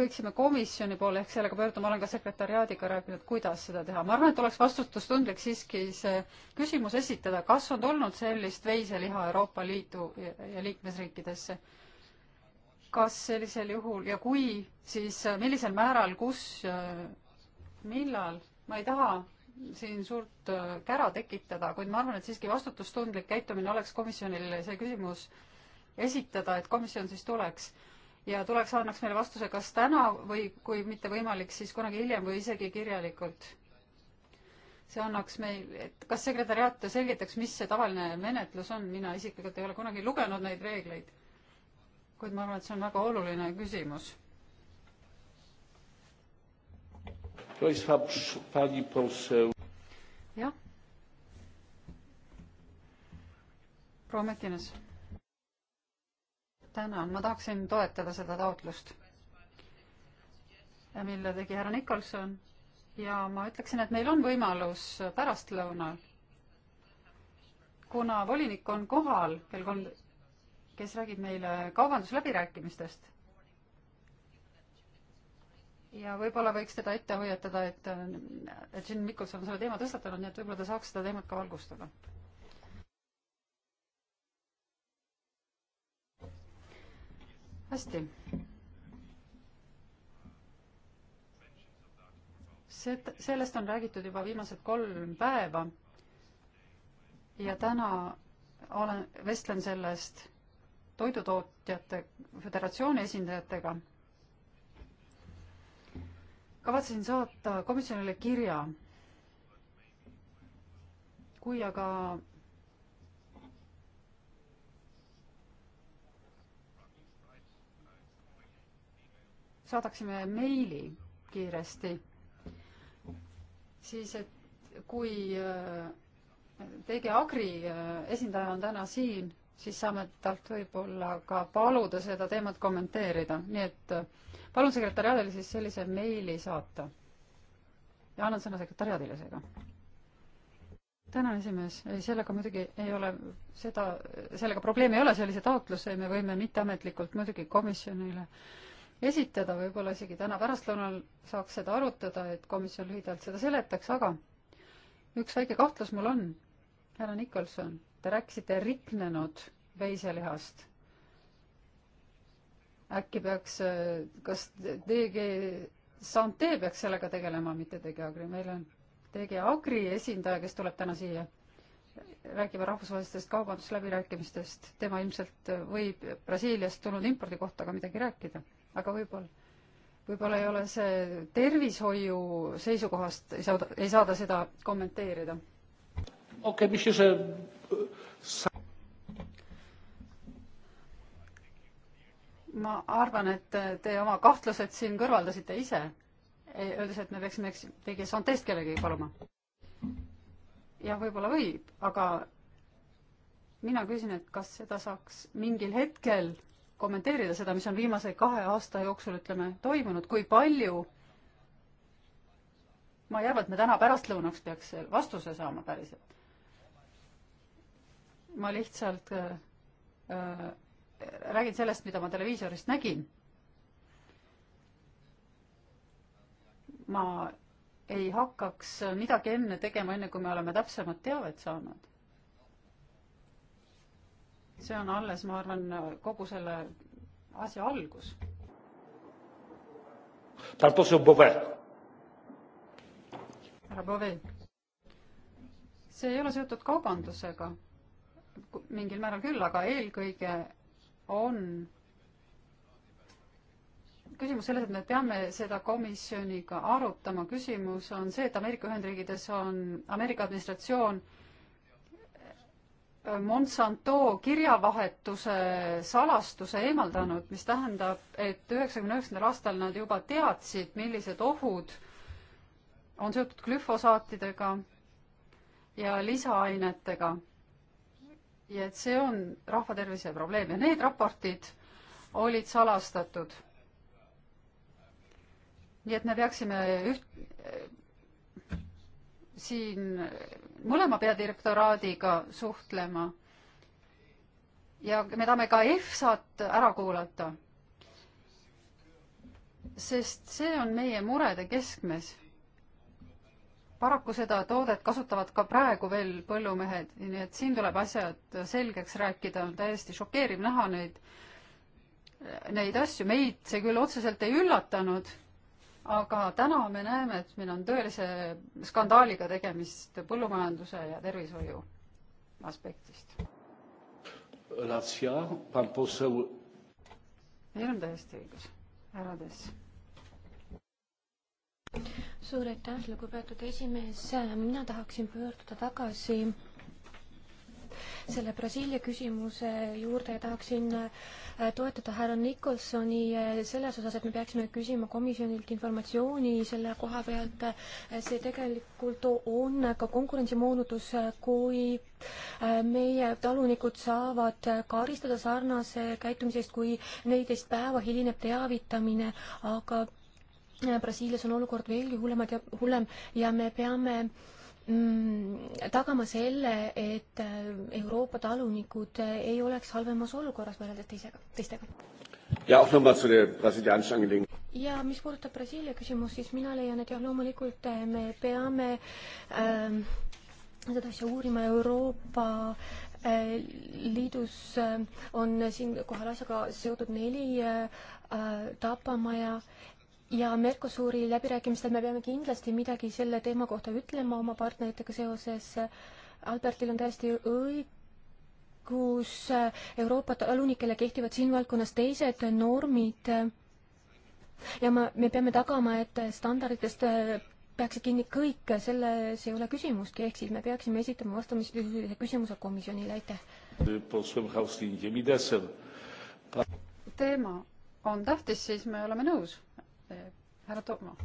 kõiksime komisjoni poole ehk sellega pöörduma, olen ka sekretäriaadiga rääkinud, kuidas seda teha. ma arvan, et oleks vastutustundlik siiski see küsimus esitada, kas on tulnud sellist veiseliha Euroopa Liidu ja liikmesriikidesse. kas sellisel juhul ja kui, siis äh, millisel määral, kus, äh, millal ma ei taha siin suurt äh, kära tekitada, kuid ma arvan, et siiski vastutustundlik käitumine oleks komisjonil see küsimus esitada, et komisjon siis tuleks ja tuleks, annaks meile vastuse kas täna või kui mitte võimalik, siis kunagi hiljem või isegi kirjalikult. see annaks meil, et kas sekretäriaat selgitaks, mis see tavaline menetlus on, mina isiklikult ei ole kunagi lugenud neid reegleid. kuid ma arvan, et see on väga oluline küsimus jah. proua Mäkinas. tänan, ma tahaksin toetada seda taotlust, mille tegi härra Nikolson ja ma ütleksin, et meil on võimalus pärastlõunal, kuna volinik on kohal kell kolm, kes räägib meile kaubandusläbirääkimistest ja võib-olla võiks teda ette hoiatada, et, et Jim Mikkelson on selle teema tõstatanud, nii et võib-olla ta saaks seda teemat ka valgustada. hästi. see, sellest on räägitud juba viimased kolm päeva. ja täna olen, vestlen sellest toidutootjate föderatsiooni esindajatega kavatsesin saata komisjonile kirja. kui aga saadaksime meili kiiresti, siis et kui äh, TG Agri äh, esindaja on täna siin, siis saame talt võib-olla ka paluda seda teemat kommenteerida, nii et äh, palun sekretäriaadile siis sellise meili saata. ja annan sõna sekretäriaadile seega. tänan, esimees. ei, sellega muidugi ei ole seda, sellega probleemi ei ole, sellise taotluse me võime mitteametlikult muidugi komisjonile esitada, võib-olla isegi täna pärastlõunal saaks seda arutada, et komisjon lühidalt seda seletaks, aga üks väike kahtlus mul on, härra Nikolson Te rääkisite riknenud veiselihast. äkki peaks, kas DG Sante peaks sellega tegelema, mitte DG Agri, meil on DG Agri esindaja, kes tuleb täna siia räägime rahvusvahelistest kaubandusläbirääkimistest, tema ilmselt võib Brasiiliast tulnud impordi kohta ka midagi rääkida, aga võib-olla, võib-olla ei ole see tervishoiu seisukohast, ei saa, ei saa ta seda kommenteerida.
okei okay,, mis siis
ma arvan, et te oma kahtlused siin kõrvaldasite ise, e, öeldes, et me peaksime teie Santest kellegi paluma. jah, võib-olla võib, aga mina küsin, et kas seda saaks mingil hetkel kommenteerida, seda, mis on viimase kahe aasta jooksul, ütleme, toimunud, kui palju ma ei arva, et me täna pärastlõunaks peaks vastuse saama päriselt ma lihtsalt äh, äh, räägin sellest, mida ma televiisorist nägin. ma ei hakkaks midagi enne tegema, enne kui me oleme täpsemat teavet saanud. see on alles, ma arvan, kogu selle asja algus.
härra
Bove, see ei ole seotud kaubandusega mingil määral küll, aga eelkõige on küsimus selles, et me peame seda komisjoniga arutama. küsimus on see, et Ameerika Ühendriikides on Ameerika administratsioon äh, Monsanto kirjavahetuse salastuse eemaldanud, mis tähendab, et üheksakümne üheksandal aastal nad juba teadsid, millised ohud on seotud glüfosaatidega ja lisaainetega ja et see on rahvatervise probleem ja need raportid olid salastatud. nii et me peaksime üht, siin mõlema peadirektoraadiga suhtlema. ja me tahame ka EFSA-t ära kuulata. sest see on meie murede keskmes paraku seda toodet kasutavad ka praegu veel põllumehed, nii et siin tuleb asjad selgeks rääkida, on täiesti šokeeriv näha neid, neid asju, meid see küll otseselt ei üllatanud, aga täna me näeme, et meil on tõelise skandaaliga tegemist põllumajanduse ja tervishoiu aspektist. Teil on täiesti õigus, härra Tess suur aitäh,
lugupeetud esimees, mina tahaksin pöörduda tagasi selle Brasiilia küsimuse juurde ja tahaksin äh, toetada härra Nicholsoni äh, selles osas, et me peaksime küsima komisjonilt informatsiooni selle koha pealt. Äh, see tegelikult on ka konkurentsimoonutus, kui meie talunikud saavad karistada sarnase käitumise eest, kui neliteist päeva hilineb teavitamine, aga Brasiilias on olukord veelgi hullemad ja hullem ja me peame mm, tagama selle, et äh, Euroopa talunikud äh, ei oleks halvemas olukorras võrreldes teisega, teistega.
ja auch nochmal zu der brasilianischen Angelegenheit
ja mis puudutab Brasiilia küsimust, siis mina leian, et jah, loomulikult äh, me peame ähm, seda asja uurima Euroopa äh, Liidus äh, on siinkohal asjaga seotud neli äh, tapamaja ja Mercosuri läbirääkimistel me peame kindlasti midagi selle teema kohta ütlema oma partneritega seoses. Albertil on täiesti õigus, Euroopa talunikele kehtivad siin valdkonnas teised normid. ja ma, me peame tagama, et standarditest peaksid kinni kõik, selles ei ole küsimustki, ehk siis me peaksime esitama vastamise küsimuse komisjonile, aitäh.
teema on tähtis, siis me oleme nõus härra Tooma.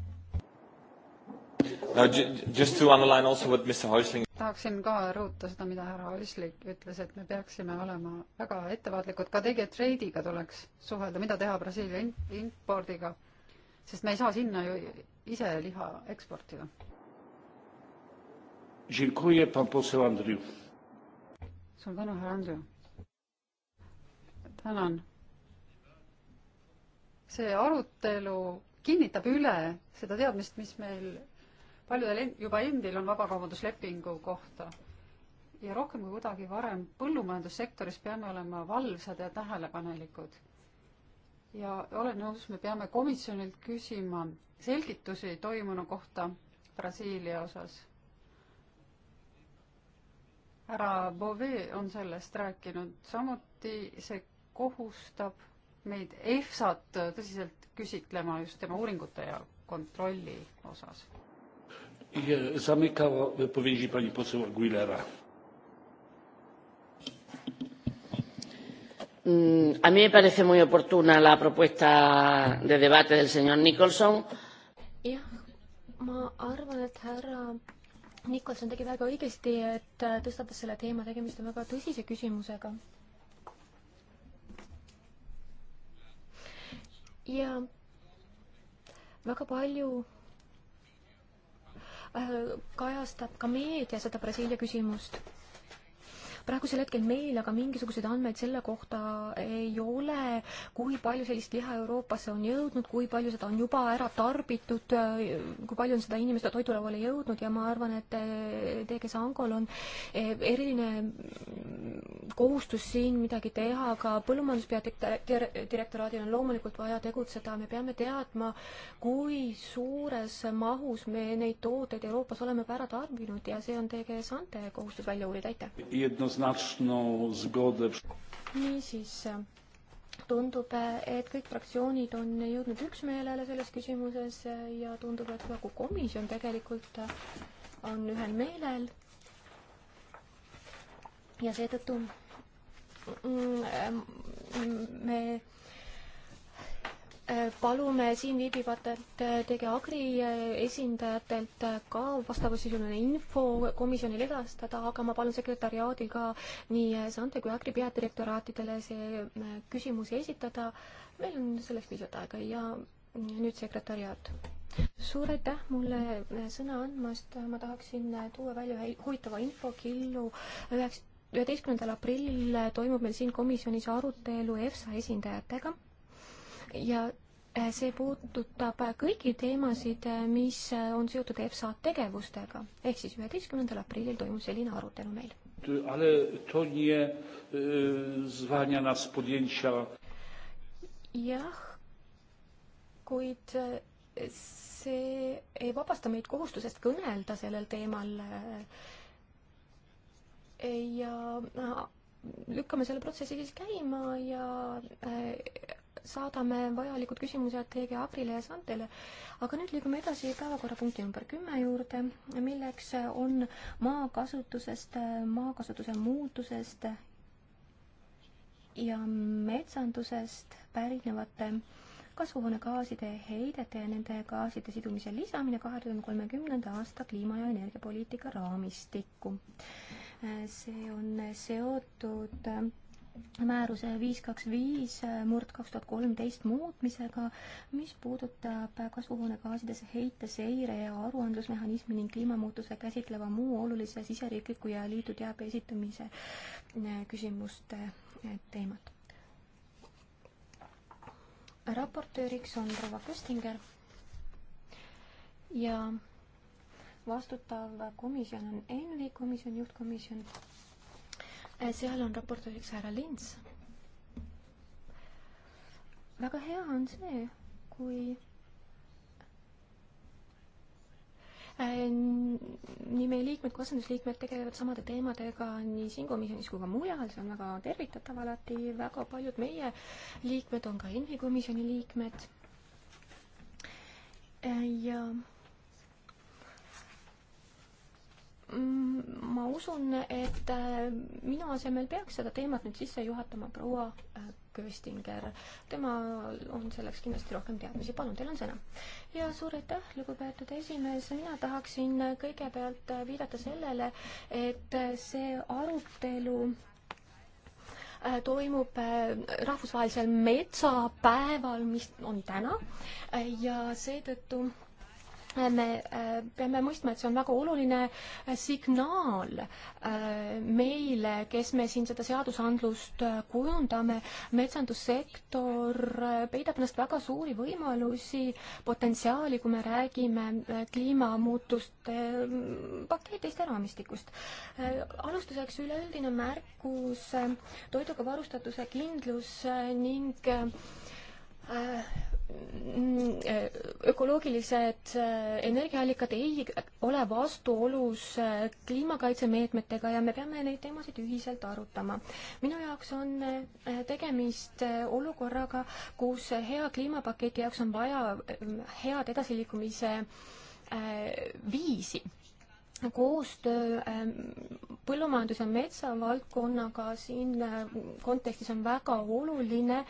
No, uh, just to underline also what Mr Häusling tahaksin ka rõhuta seda, mida härra Häusling ütles, et me peaksime olema väga ettevaatlikud, ka tege treidiga tuleks suhelda, mida teha Brasiilia impordiga, sest me ei saa sinna ju ise liha eksportida. suur tänu, härra Andrew. tänan. see arutelu kinnitab üle seda teadmist, mis meil paljudel juba endil on vabakaubanduslepingu kohta. ja rohkem kui kuidagi varem põllumajandussektoris peame olema valvsad ja tähelepanelikud. ja olen nõus, me peame komisjonilt küsima selgitusi toimunu kohta Brasiilia osas. härra Bove on sellest rääkinud, samuti see kohustab meid EFSA-t tõsiselt küsitlema just tema uuringute ja kontrolli osas.
Mm, a mí me parece muy oportuna la propuesta de debate del señor Nicholson.
jah, ma arvan, et härra Nicholson tegi väga õigesti, et tõstatas selle teema, tegemist on väga tõsise küsimusega ja väga palju äh, kajastab ka meedia seda Brasiilia küsimust praegusel hetkel meil aga mingisuguseid andmeid selle kohta ei ole, kui palju sellist liha Euroopasse on jõudnud, kui palju seda on juba ära tarbitud, kui palju on seda inimeste toidulauale jõudnud ja ma arvan, et TG Sangol on eriline kohustus siin midagi teha, aga põllumajanduspeadirektoraadil on loomulikult vaja tegutseda, me peame teadma, kui suures mahus me neid tooteid Euroopas oleme ära tarbinud ja see on TG Sante kohustus välja uurida, aitäh!
jednoznaczną zgodę.
Niisiis, tundub, et kõik fraktsioonid on jõudnud üksmeelele selles küsimuses ja tundub, et kogu komisjon tegelikult on ühel meelel. ja seetõttu mm, mm, me palume siin viibivatelt äh, TG Agri äh, esindajatelt äh, ka vastavasisuline info komisjonile edastada, aga ma palun sekretäriaadil ka nii Sante kui Agri peadirektoraatidele see küsimus esitada. meil on selleks piisavalt aega ja nüüd sekretäriaat. suur aitäh mulle sõna andmast, ma tahaksin tuua välja ühe huvitava infokillu üheks üheteistkümnendal aprillil toimub meil siin komisjonis arutelu EFSA esindajatega ja äh, see puudutab äh, kõiki teemasid, äh, mis on seotud EFSA tegevustega. ehk siis üheteistkümnendal aprillil toimus selline arutelu meil. jah, kuid e, see ei vabasta meid kohustusest kõnelda sellel teemal e, ja lükkame selle protsessi siis käima ja e, saadame vajalikud küsimused TG Agrile ja Santele. aga nüüd liigume edasi päevakorrapunkti number kümme juurde, milleks on maakasutusest, maakasutuse muutusest ja metsandusest pärinevate kasvuhoonegaaside heidete ja nende gaaside sidumise lisamine kahe tuhande kolmekümnenda aasta kliima- ja energiapoliitika raamistikku. see on seotud määruse viis kaks viis äh, murd kaks tuhat kolmteist muutmisega, mis puudutab kasvuhoonegaasides heite seire ja aruandlusmehhanismi ning kliimamuutuse käsitleva muu olulise siseriikliku ja liidu teabe esitamise äh, küsimuste äh, teemat. raportööriks on proua Köstinger ja vastutav komisjon on ENVI komisjon, juhtkomisjon Eh, seal on raportööriks härra Lints. väga hea on see, kui eh, nii meie liikmed kui asendusliikmed tegelevad samade teemadega nii siin komisjonis kui ka mujal, see on väga tervitatav alati, väga paljud meie liikmed on ka ENVI komisjoni liikmed. Eh, ja Mm, ma usun, et äh, minu asemel peaks seda teemat nüüd sisse juhatama proua äh, Köstinger. temal on selleks kindlasti rohkem teadmisi. palun, teil on sõna. ja suur aitäh, lugupeetud esimees. mina tahaksin äh, kõigepealt viidata sellele, et see arutelu toimub rahvusvahelisel metsapäeval, mis on täna ja seetõttu me äh, peame mõistma, et see on väga oluline äh, signaal äh, meile, kes me siin seda seadusandlust kujundame. metsandussektor peidab ennast väga suuri võimalusi, potentsiaali, kui me räägime kliimamuutuste paketist ja raamistikust. alustuseks üleüldine märkus toiduga varustatuse kindlus ning Mm, eh, ökoloogilised eh, energiaallikad ei ole vastuolus eh, kliimakaitsemeetmetega ja me peame neid teemasid ühiselt arutama. minu jaoks on tegemist olukorraga, kus hea kliimapaketi jaoks on vaja head edasiliikumise viisi koostöö põllumajandus- ja metsavaldkonnaga siin kontekstis on väga oluline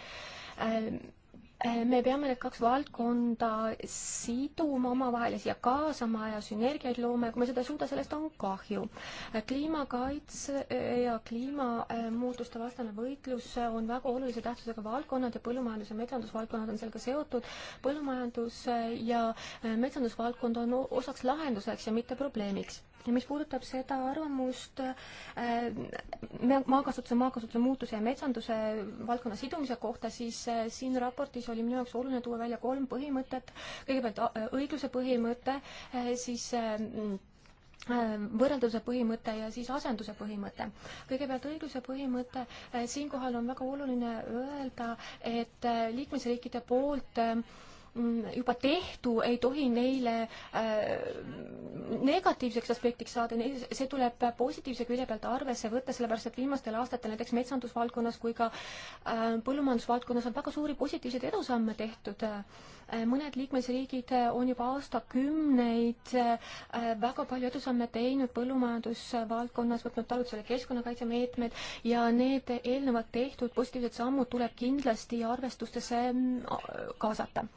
me peame need kaks valdkonda siduma omavahel ja siia kaasama ja sünergiaid looma ja kui me seda ei suuda, sellest on kahju. kliimakaitse ja kliimamuutuste vastane võitlus on väga olulise tähtsusega valdkonnad ja põllumajandus- ja metsandusvaldkonnad on sellega seotud. põllumajandus ja metsandusvaldkond on osaks lahenduseks ja mitte probleemiks mis puudutab seda arvamust äh, maakasutuse, maakasutuse muutuse ja metsanduse valdkonna sidumise kohta, siis äh, siin raportis oli minu jaoks oluline tuua välja kolm põhimõtet. kõigepealt õigluse põhimõte, äh, siis mm, võrrelduse põhimõte ja siis asenduse põhimõte. kõigepealt õigluse põhimõte, siinkohal on väga oluline öelda, et liikmesriikide poolt äh, Mm, juba tehtu ei tohi neile äh, negatiivseks aspektiks saada, see tuleb positiivse külje pealt arvesse võtta, sellepärast et viimastel aastatel näiteks metsandusvaldkonnas kui ka äh, põllumajandusvaldkonnas on väga suuri positiivseid edusamme tehtud. Äh, mõned liikmesriigid on juba aastakümneid väga palju edusamme teinud põllumajandusvaldkonnas, võtnud talutusele keskkonnakaitsemeetmed ja need eelnevalt tehtud positiivsed sammud tuleb kindlasti arvestustesse mm, kaasata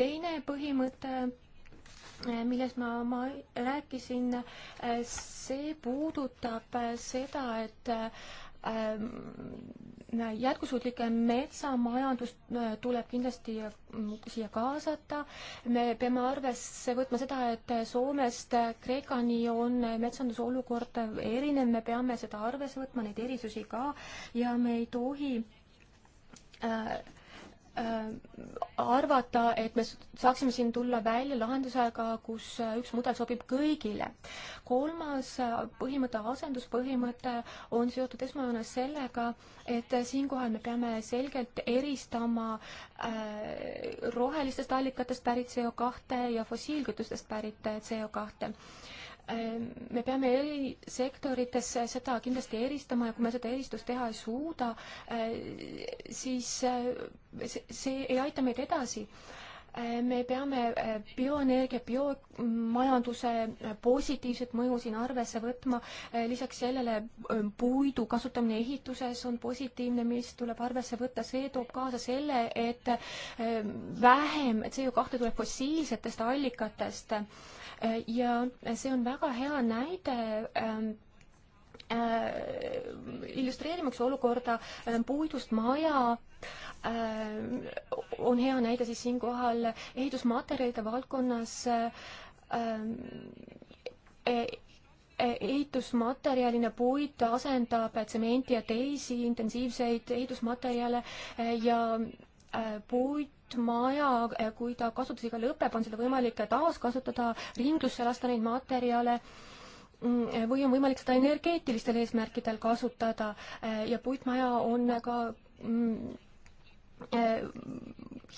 teine põhimõte millest ma, ma rääkisin, see puudutab seda, et ähm, jätkusuutlikke metsamajandust äh, tuleb kindlasti mm, siia kaasata. me peame arvesse võtma seda, et Soomest Kreekani on metsanduse olukord erinev, me peame seda arvesse võtma, neid erisusi ka ja me ei tohi äh, Äh, arvata, et me saaksime siin tulla välja lahendusega, kus äh, üks mudel sobib kõigile. kolmas äh, põhimõte, asenduspõhimõte, on seotud esmajoones sellega, et siinkohal me peame selgelt eristama rohelistest allikatest pärit CO2 ja fossiilkütustest pärit CO2 Ehm, me peame eri sektorites seda kindlasti eristama ja kui me seda eristust teha ei suuda, eh, siis eh, see ei aita meid edasi eh, me peame bioenergia, biomajanduse positiivset mõju siin arvesse võtma, lisaks sellele puidu kasutamine ehituses on positiivne, mis tuleb arvesse võtta, see toob kaasa selle, et vähem CO2 tuleb fossiilsetest allikatest ja see on väga hea näide ähm, äh, illustreerimaks olukorda ähm, puidust maja äh, on hea näide siis siinkohal ehitusmaterjalide valdkonnas ähm, e, e, ehitusmaterjalina puit asendab tsementi ja teisi intensiivseid ehitusmaterjale äh, ja Äh, puitmaja, äh, kui ta kasutusega lõpeb, on seda võimalik taaskasutada, ringlusse lasta neid materjale mm, või on võimalik seda energeetilistel eesmärkidel kasutada äh, ja puitmaja on ka mm,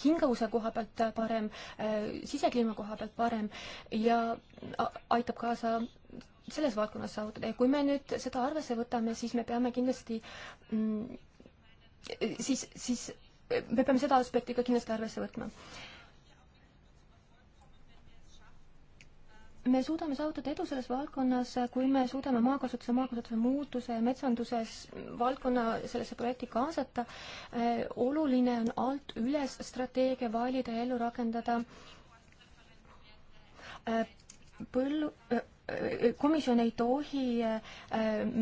hingavuse koha pealt parem, sisekliima koha pealt parem ja aitab kaasa selles valdkonnas saavutada ja kui me nüüd seda arvesse võtame, siis me peame kindlasti mm, siis, siis me peame seda aspekti ka kindlasti arvesse võtma. me suudame saavutada edu selles valdkonnas, kui me suudame maakasutuse, maakasutuse muutuse, metsanduses valdkonna sellesse projekti kaasata. oluline on alt üles strateegia valida ja ellu rakendada. põllu, komisjon ei tohi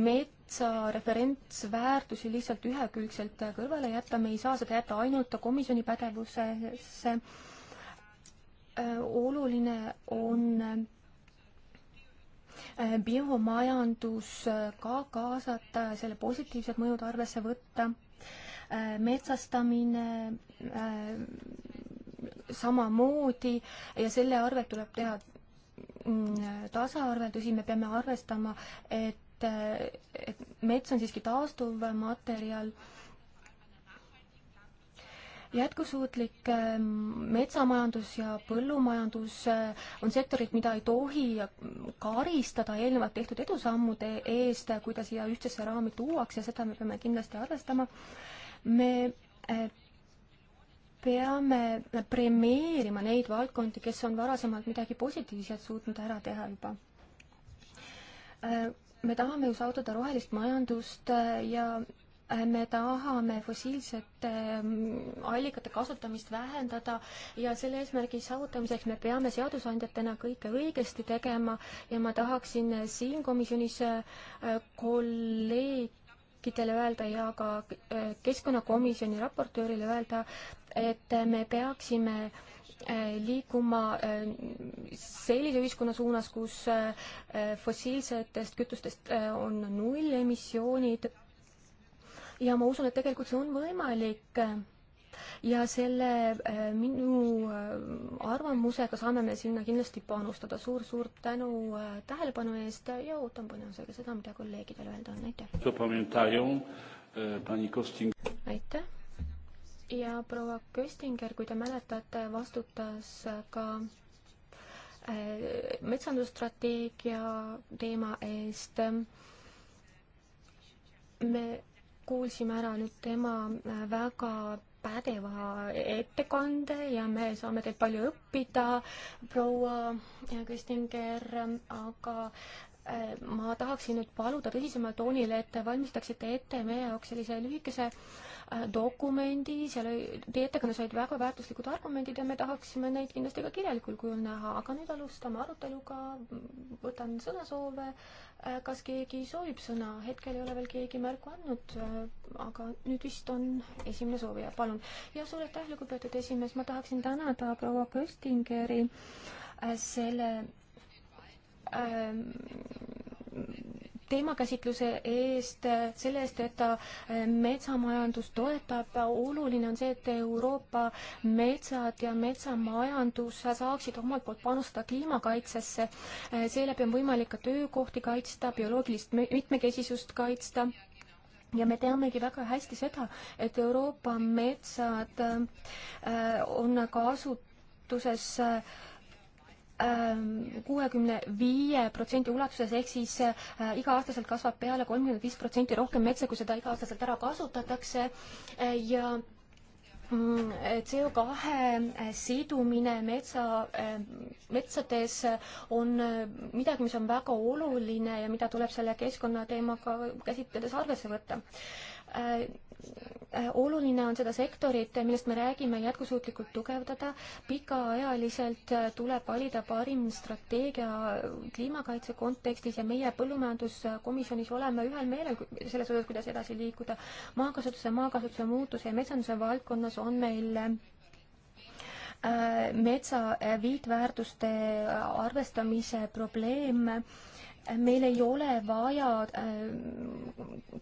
met-, tähtsa referentsväärtusi lihtsalt ühekülgselt kõrvale jätta, me ei saa seda jätta ainult komisjoni pädevusesse. Äh, oluline on äh, biomajandus äh, ka kaasata, selle positiivsed mõjud arvesse võtta, metsastamine samamoodi ja selle arvelt tuleb teha mm, tasaarveldusi, me peame arvestama, et et, et mets on siiski taastuv materjal jätkusuutlik äh, metsamajandus ja põllumajandus äh, on sektorid, mida ei tohi karistada eelnevalt tehtud edusammude eest, kui ta siia ühtsesse raami tuuakse, seda me peame kindlasti arvestama. me äh, peame premeerima neid valdkondi, kes on varasemalt midagi positiivset suutnud ära teha juba me tahame ju saavutada rohelist majandust äh, ja äh, me tahame fossiilsete mm, allikate kasutamist vähendada ja selle eesmärgi saavutamiseks me peame seadusandjatena kõike õigesti tegema ja ma tahaksin äh, siin komisjonis kolleegidele öelda ja ka keskkonnakomisjoni raportöörile öelda, et me peaksime äh, Äh, liikuma äh, sellise ühiskonna suunas, kus äh, fossiilsetest kütustest on nullemissioonid. ja ma usun, et tegelikult see on võimalik ja selle minu arvamusega saame me sinna kindlasti panustada suur,. suur-suur tänu tähelepanu eest ja ootan põnevusega seda, mida kolleegidel öelda on,
aitäh. E,
aitäh ja proua Köstinger, kui te mäletate, vastutas ka äh, metsandusstrateegia teema eest. me kuulsime ära nüüd tema äh, väga pädeva ettekande ja me saame teilt palju õppida, proua Köstinger, aga Äh, ma tahaksin nüüd paluda tõsisemal toonil, et te valmistaksite ette meie jaoks sellise lühikese äh, dokumendi, seal oli, teie ettekandes olid väga väärtuslikud argumendid ja me tahaksime neid kindlasti ka kirjalikul kujul näha, aga nüüd alustame aruteluga, võtan sõnasoove, äh, kas keegi soovib sõna, hetkel ei ole veel keegi märku andnud, aga nüüd vist on esimene soovija, palun. ja suur aitäh, lugupeetud esimees, ma tahaksin tänada proua Köstingeri selle Ehm, teemakäsitluse eest, selle eest, et ta äh, metsamajandust toetab. oluline on see, et Euroopa metsad ja metsamajandus saaksid omalt poolt panustada kliimakaitsesse. Äh, seeläbi on võimalik ka töökohti kaitsta, bioloogilist mitmekesisust kaitsta ja me teamegi väga hästi seda, et Euroopa metsad äh, on kasutuses ka Ehm, kuuekümne viie protsendi ulatuses, ehk siis äh, iga-aastaselt kasvab peale kolmkümmend viis protsenti rohkem metsa, kui seda iga-aastaselt ära kasutatakse äh, ja mm, CO2 äh, sidumine metsa, metsades on midagi, mis on väga oluline ja mida tuleb selle keskkonnateemaga käsitledes arvesse võtta Äh, oluline on seda sektorit, millest me räägime, jätkusuutlikult tugevdada. pikaajaliselt äh, tuleb valida parim strateegia kliimakaitse kontekstis ja meie põllumajanduskomisjonis oleme ühel meelel selles osas, kuidas edasi liikuda. maakasutuse, maakasutuse muutuse ja metsanduse valdkonnas on meil äh, metsa viitväärtuste arvestamise probleem meil ei ole vaja äh,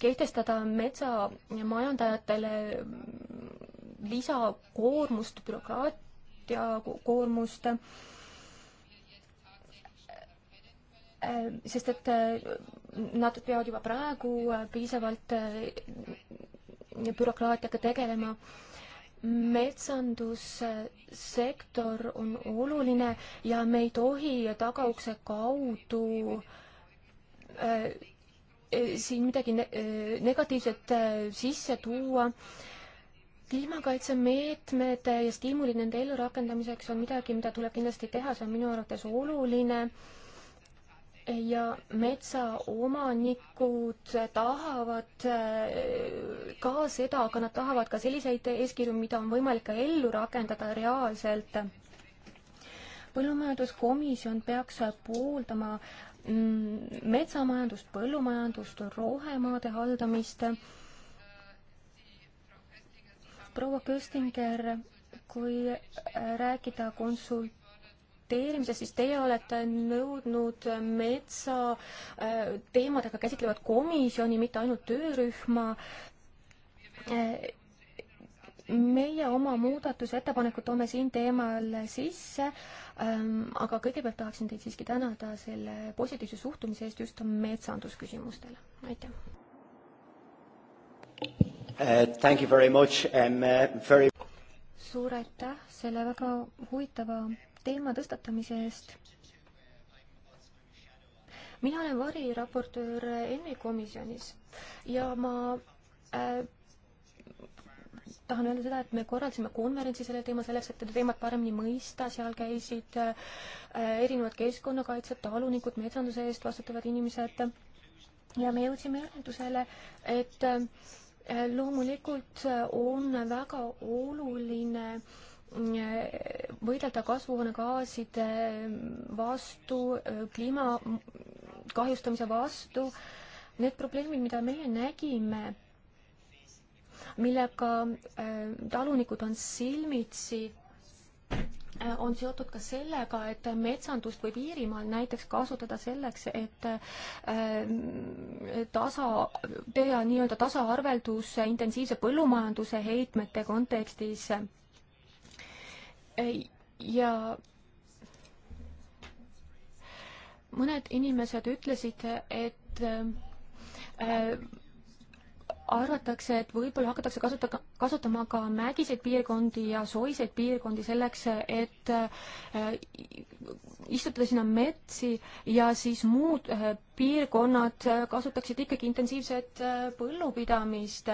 kehtestada metsamajandajatele lisakoormust, bürokraatia koormust äh, sest et äh, nad peavad juba praegu piisavalt bürokraatiaga tegelema. metsandussektor on oluline ja me ei tohi tagaukse kaudu äh, Äh, äh, siin midagi äh, negatiivset sisse tuua. kliimakaitsemeetmed ja stiimulid nende ellurakendamiseks on midagi, mida tuleb kindlasti teha, see on minu arvates oluline ja metsaomanikud tahavad ka seda, aga nad tahavad ka selliseid eeskirju, mida on võimalik ka ellu rakendada reaalselt. põllumajanduskomisjon peaks pooldama Mm, metsamajandust, põllumajandust, rohemaade haldamist. proua Köstinger, kui äh, rääkida konsult-, konsulteerimises, siis teie olete nõudnud metsa äh, teemadega käsitlevat komisjoni, mitte ainult töörühma. Äh, meie oma muudatusettepanekud toome siin teemal sisse, Ehm, aga kõigepealt tahaksin teid siiski tänada selle positiivse suhtumise eest just metsandusküsimustele, aitäh.
Uh, thank you very much um,. Uh, very...
suur aitäh selle väga huvitava teema tõstatamise eest mina olen variraportöör ENMi komisjonis ja ma äh, tahan öelda seda, et me korraldasime konverentsi sellel teemal selleks, et seda teemat paremini mõista, seal käisid äh, erinevad keskkonnakaitsjad, talunikud, metsanduse eest vastutavad inimesed ja me jõudsime järeldusele, et äh, loomulikult äh, on väga oluline võidelda kasvuhoonegaaside vastu, kliima kahjustamise vastu. Need probleemid, mida meie nägime millega äh, talunikud on silmitsi, äh, on seotud ka sellega, et metsandust võib Iirimaal näiteks kasutada selleks, et äh, tasa, teha nii-öelda tasaarveldus intensiivse põllumajanduse heitmete kontekstis. ja mõned inimesed ütlesid, et arvatakse, et võib-olla hakatakse kasuta-, kasutama ka mägiseid piirkondi ja soiseid piirkondi selleks, et äh, istutada sinna metsi ja siis muud äh, piirkonnad kasutaksid ikkagi intensiivset äh, põllupidamist.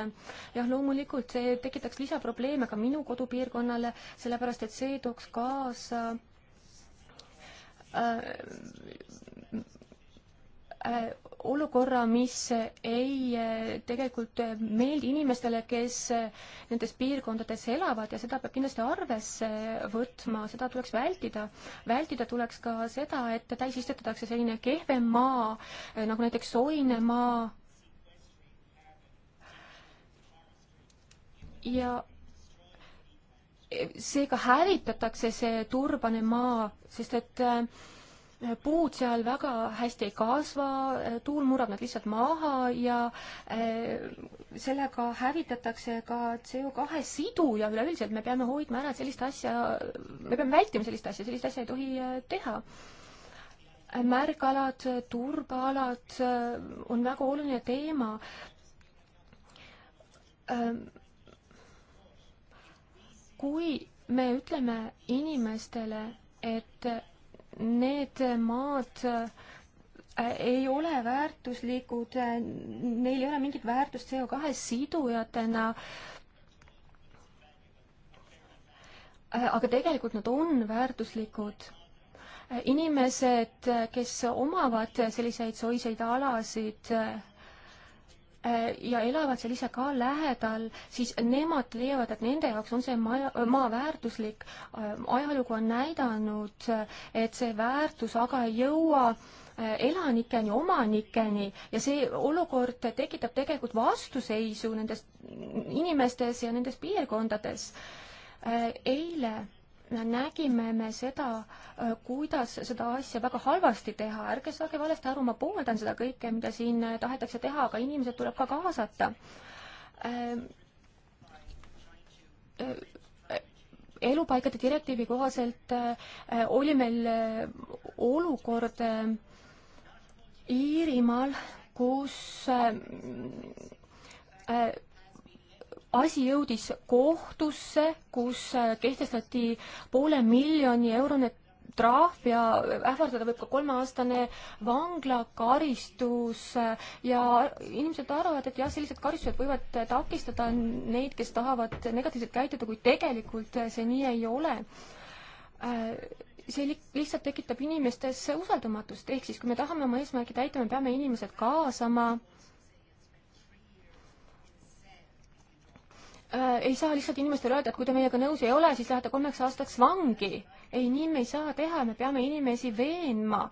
jah, loomulikult see tekitaks lisaprobleeme ka minu kodupiirkonnale, sellepärast et see tooks kaasa äh, äh, olukorra, mis ei eh, tegelikult meeldi inimestele, kes eh, nendes piirkondades elavad ja seda peab kindlasti arvesse võtma, seda tuleks vältida. vältida tuleks ka seda, et täis istutatakse selline kehvem maa, eh, nagu näiteks soine maa. ja seega hävitatakse see turbane maa, sest et äh, puud seal väga hästi ei kasva, tuul murrab nad lihtsalt maha ja eh, sellega hävitatakse ka CO2 siduja üleüldiselt, me peame hoidma ära sellist asja, me peame vältima sellist asja, sellist asja ei tohi eh, teha märgalad, turbaalad eh, on väga oluline teema ehm, kui me ütleme inimestele, et need maad äh, ei ole väärtuslikud, äh, neil ei ole mingit väärtust CO2 sidujatena. Äh, aga tegelikult nad on väärtuslikud inimesed, kes omavad selliseid soiseid alasid, Äh, ja elavad seal ise ka lähedal, siis nemad leiavad, et nende jaoks on see maja, maa väärtuslik. Äh, ajalugu on näidanud, et see väärtus aga ei jõua äh, elanikeni, omanikeni ja see olukord tekitab tegelikult vastuseisu nendes inimestes ja nendes piirkondades. eile nägime me seda, äh, kuidas seda asja väga halvasti teha, ärge saage valesti aru, ma pooldan seda kõike, mida siin äh, tahetakse teha, aga inimesed tuleb ka kaasata. Ähm, äh, elupaikade direktiivi kohaselt oli meil olukord Iirimaal, kus asi jõudis kohtusse, kus äh, kehtestati poole miljoni eurone trahv ja ähvardada võib ka kolmeaastane vanglakaristus äh, ja inimesed arvavad, et jah, sellised karistused võivad äh, takistada neid, kes tahavad negatiivselt käituda, kuid tegelikult see nii ei ole see lihtsalt tekitab inimestes usaldamatust, ehk siis kui me tahame oma eesmärgi täita, me peame inimesed kaasama Äh, ei saa lihtsalt inimestele öelda, et kui te meiega nõus ei ole, siis lähete kolmeks aastaks vangi. ei, nii me ei saa teha, me peame inimesi veenma.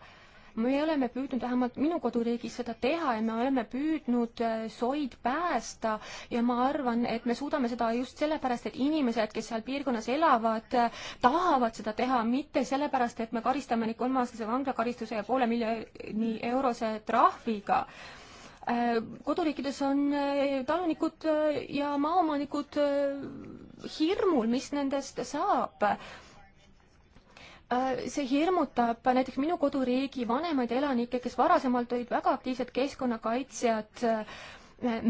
me oleme püüdnud vähemalt minu koduriigis seda teha ja me oleme püüdnud äh, soid päästa ja ma arvan, et me suudame seda just sellepärast, et inimesed, kes seal piirkonnas elavad, äh, tahavad seda teha, mitte sellepärast, et me karistame neid kolmeaastase vanglakaristuse ja poole miljoni eurose trahviga Äh, koduriikides on äh, talunikud äh, ja maaomanikud hirmul, mis nendest saab. see hirmutab näiteks minu koduriigi vanemaid elanikke, kes varasemalt olid väga aktiivsed keskkonnakaitsjad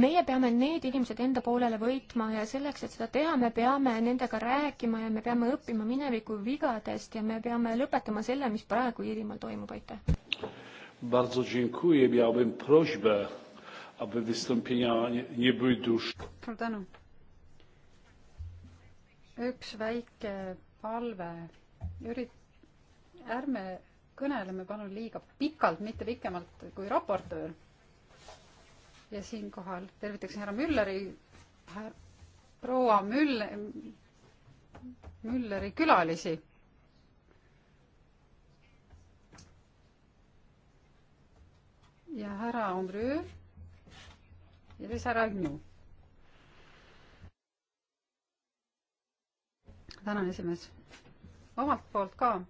meie peame need inimesed enda poolele võitma ja selleks, et seda teha, me peame nendega rääkima ja me peame õppima mineviku vigadest ja me peame lõpetama selle, mis praegu Iirimaal toimub, aitäh
aby wystąpienia nie, nie były dłuższe.
suur tänu. üks väike palve, ürit-, ärme kõneleme palun liiga pikalt, mitte pikemalt kui raportöör. ja siinkohal tervitaksin härra Mülleri, proua Müll-, Mülleri külalisi ja härra Ombrüür ja siis härra Agnu. tänan, esimees. omalt poolt ka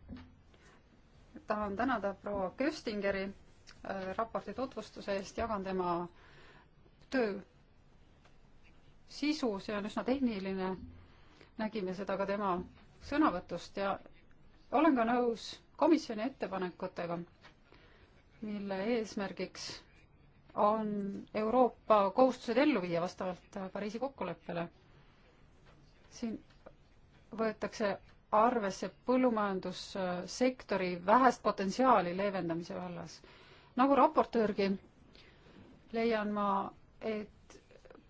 tahan tänada proua Köstingeri äh, raporti tutvustuse eest, jagan tema töö sisu, see on üsna tehniline. nägime seda ka tema sõnavõtust ja olen ka nõus komisjoni ettepanekutega, mille eesmärgiks on Euroopa kohustused ellu viia vastavalt Pariisi kokkuleppele. siin võetakse arvesse põllumajandussektori vähest potentsiaali leevendamise vallas. nagu raportöörgi leian ma, et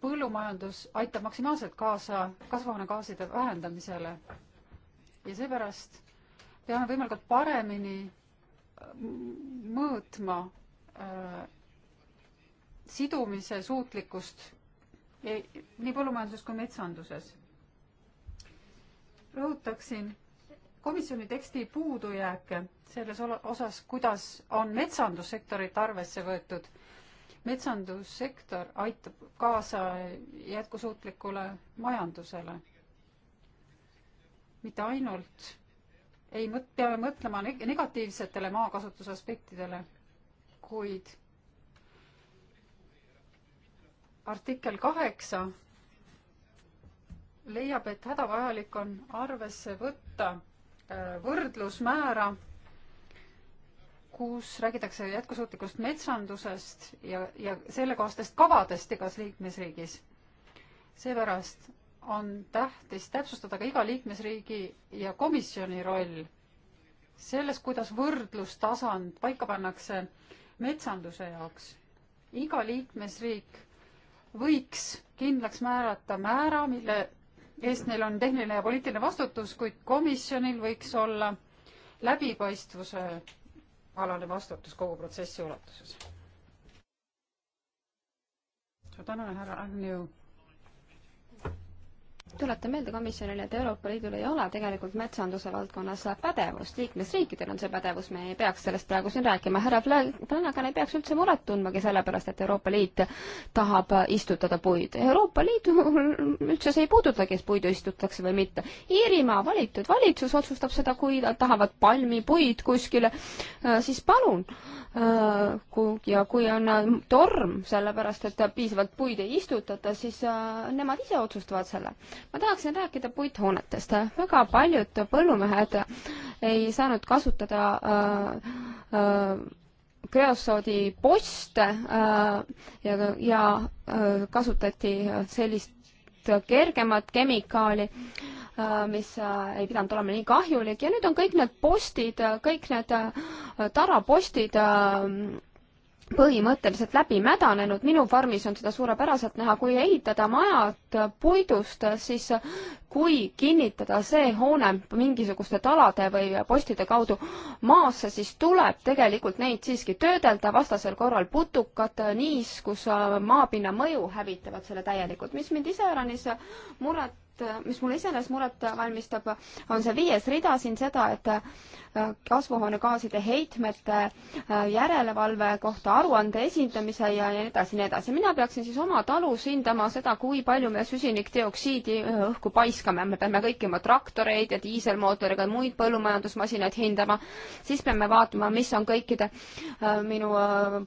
põllumajandus aitab maksimaalselt kaasa kasvuhoonegaaside vähendamisele ja seepärast peame võimalikult paremini mõõtma äh, sidumise suutlikkust nii põllumajanduses kui metsanduses. rõhutaksin komisjoni teksti puudujääke selles osas, kuidas on metsandussektorit arvesse võetud. metsandussektor aitab kaasa jätkusuutlikule majandusele. mitte ainult ei mõt-, peame mõtlema negatiivsetele maakasutuse aspektidele, kuid artikkel kaheksa leiab, et hädavajalik on arvesse võtta äh, võrdlusmäära, kus räägitakse jätkusuutlikust metsandusest ja, ja sellekohastest kavadest igas liikmesriigis. seepärast on tähtis täpsustada ka iga liikmesriigi ja komisjoni roll selles, kuidas võrdlustasand paika pannakse metsanduse jaoks. iga liikmesriik võiks kindlaks määrata määra, mille eest neil on tehniline ja poliitiline vastutus, kuid komisjonil võiks olla läbipaistvuse alane vastutus kogu protsessi ulatuses. suur tänu, härra Agnew
tuletan meelde komisjonile, et Euroopa Liidul ei ole tegelikult metsanduse valdkonnas pädevust, liikmesriikidel on see pädevus, me ei peaks sellest praegu siin rääkima, härra Flanagan ei peaks üldse muret tundmagi selle pärast, et Euroopa Liit tahab istutada puid. Euroopa Liidul üldse see ei puuduta, kes puidu istutatakse või mitte. Iirimaa valitud valitsus otsustab seda, kui nad tahavad palmipuid kuskile, äh, siis palun. Äh, ja kui on äh, torm, sellepärast et piisavalt puid ei istutata, siis nemad ise otsustavad selle ma tahaksin rääkida puithoonetest. väga paljud põllumehed ei saanud kasutada äh, äh, kreossoodi poste äh, ja, ja äh, kasutati sellist kergemat kemikaali äh, mis äh, ei pidanud olema nii kahjulik ja nüüd on kõik need postid, kõik need äh, tarapostid äh, põhimõtteliselt läbi mädanenud, minu farmis on seda suurepäraselt näha, kui ehitada majad puidust, siis kui kinnitada see hoone mingisuguste talade või postide kaudu maasse, siis tuleb tegelikult neid siiski töödelda, vastasel korral putukad, niiskus, maapinna mõju hävitavad selle täielikult. mis mind iseäranis muret muret, mis mulle iseenesest muret valmistab, on see viies rida siin seda, et äh, kasvuhoonegaaside heitmete äh, järelevalve kohta aruande esindamise ja, ja nii edasi, nii edasi. mina peaksin siis oma talus hindama seda, kui palju me süsinikdioksiidi äh, õhku paiskame. me peame kõiki oma traktoreid ja diiselmootoriga ja muid põllumajandusmasinaid hindama. siis peame vaatama, mis on kõikide minu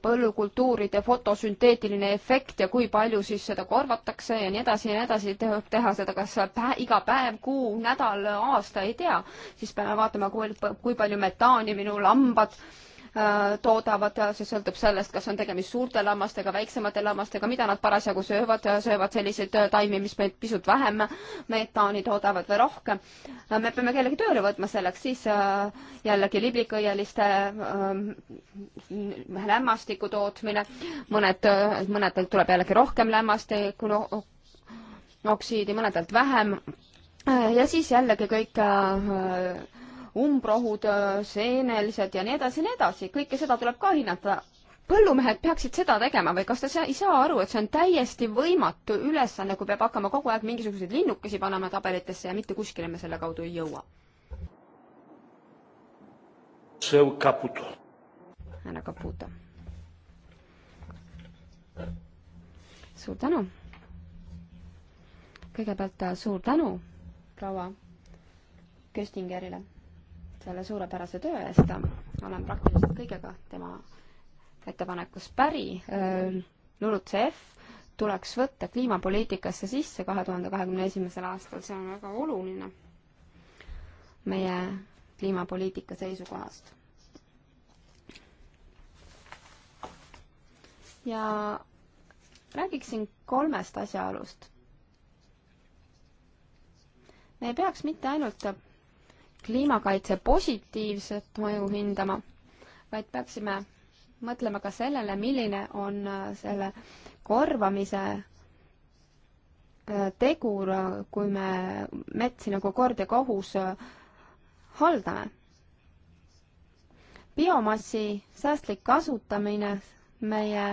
põllukultuuride fotosünteetiline efekt ja kui palju siis seda korvatakse ja nii edasi ja nii edasi, teha seda kas näiteks pä iga päev, kuu, nädal, aasta, ei tea, siis peame vaatama, kui, kui palju metaani minu lambad äh, toodavad, see sõltub sellest, kas on tegemist suurte lammastega, väiksemate lammastega, mida nad parasjagu söövad, söövad selliseid äh, taimi, mis meid pisut vähem metaani toodavad või rohkem. Äh, me peame kellegi tööle võtma selleks, siis jällegi liblikõieliste lämmastiku tootmine, mõned, mõnedel tuleb jällegi rohkem lämmastikku oksiidi, mõnedelt vähem. Äh, ja siis jällegi kõik äh, umbrohud, äh, seenelised ja nii edasi ja nii edasi, kõike seda tuleb ka hinnata. põllumehed peaksid seda tegema või kas te ei saa aru, et see on täiesti võimatu ülesanne, kui peab hakkama kogu aeg mingisuguseid linnukesi panema tabelitesse ja mitte kuskile me selle kaudu ei jõua? härra Caputo. suur tänu kõigepealt äh, suur tänu proua Köstingerile selle suurepärase töö eest. olen praktiliselt kõigega tema ettepanekus päri. Äh, LULUCF tuleks võtta kliimapoliitikasse sisse kahe tuhande kahekümne esimesel aastal, see on väga oluline meie kliimapoliitika seisukohast. ja räägiksin kolmest asjaolust me ei peaks mitte ainult kliimakaitse positiivset mõju hindama, vaid peaksime mõtlema ka sellele, milline on äh, selle korvamise äh, tegur, äh, kui me metsi nagu kord ja kohus haldame. biomassi säästlik kasutamine meie